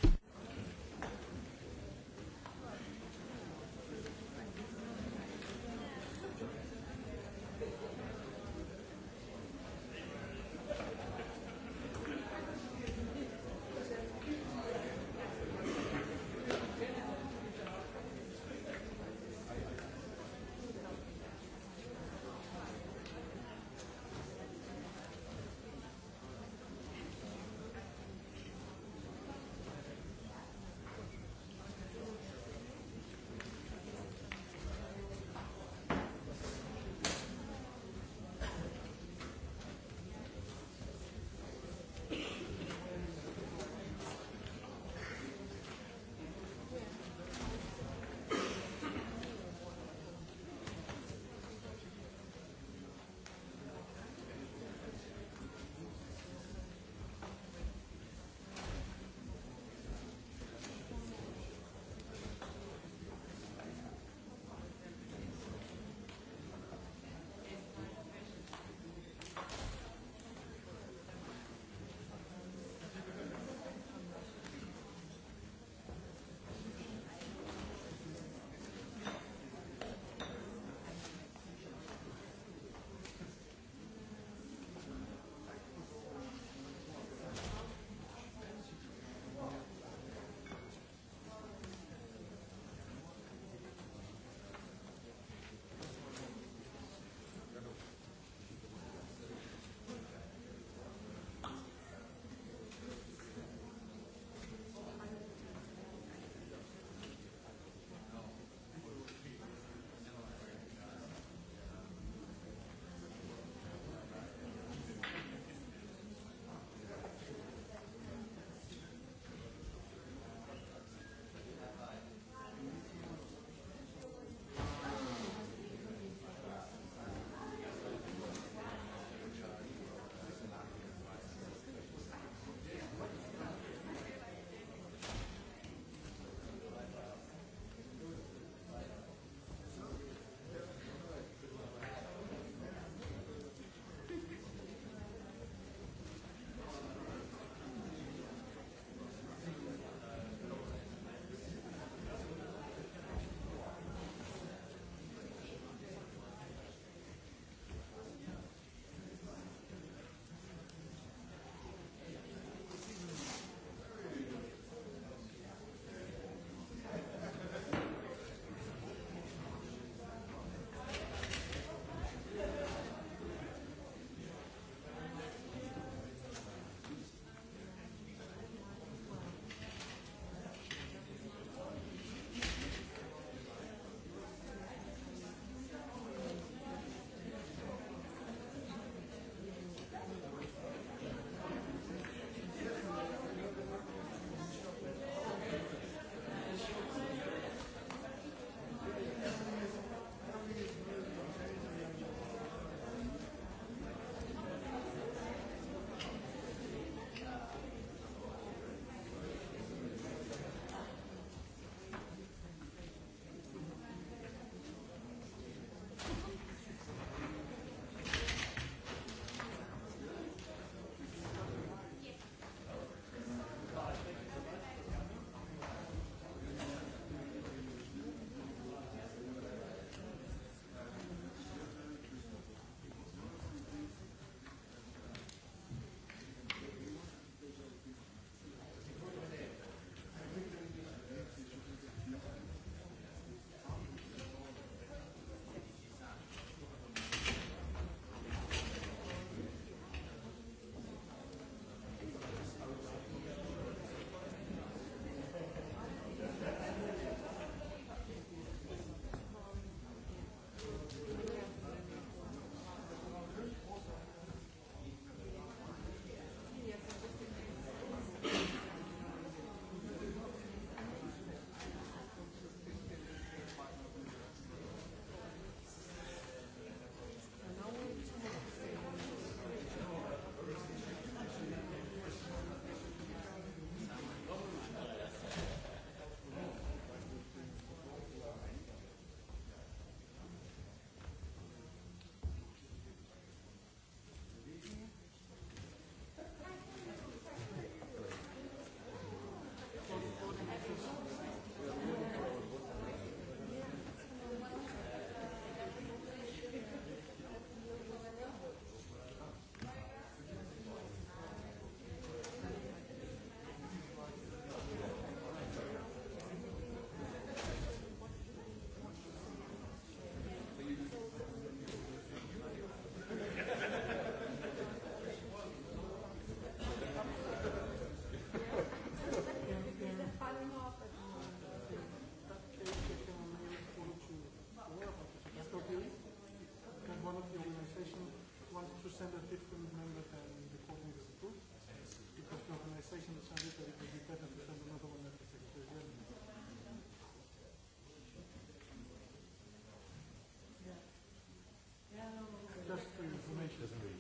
nicht, das sind wir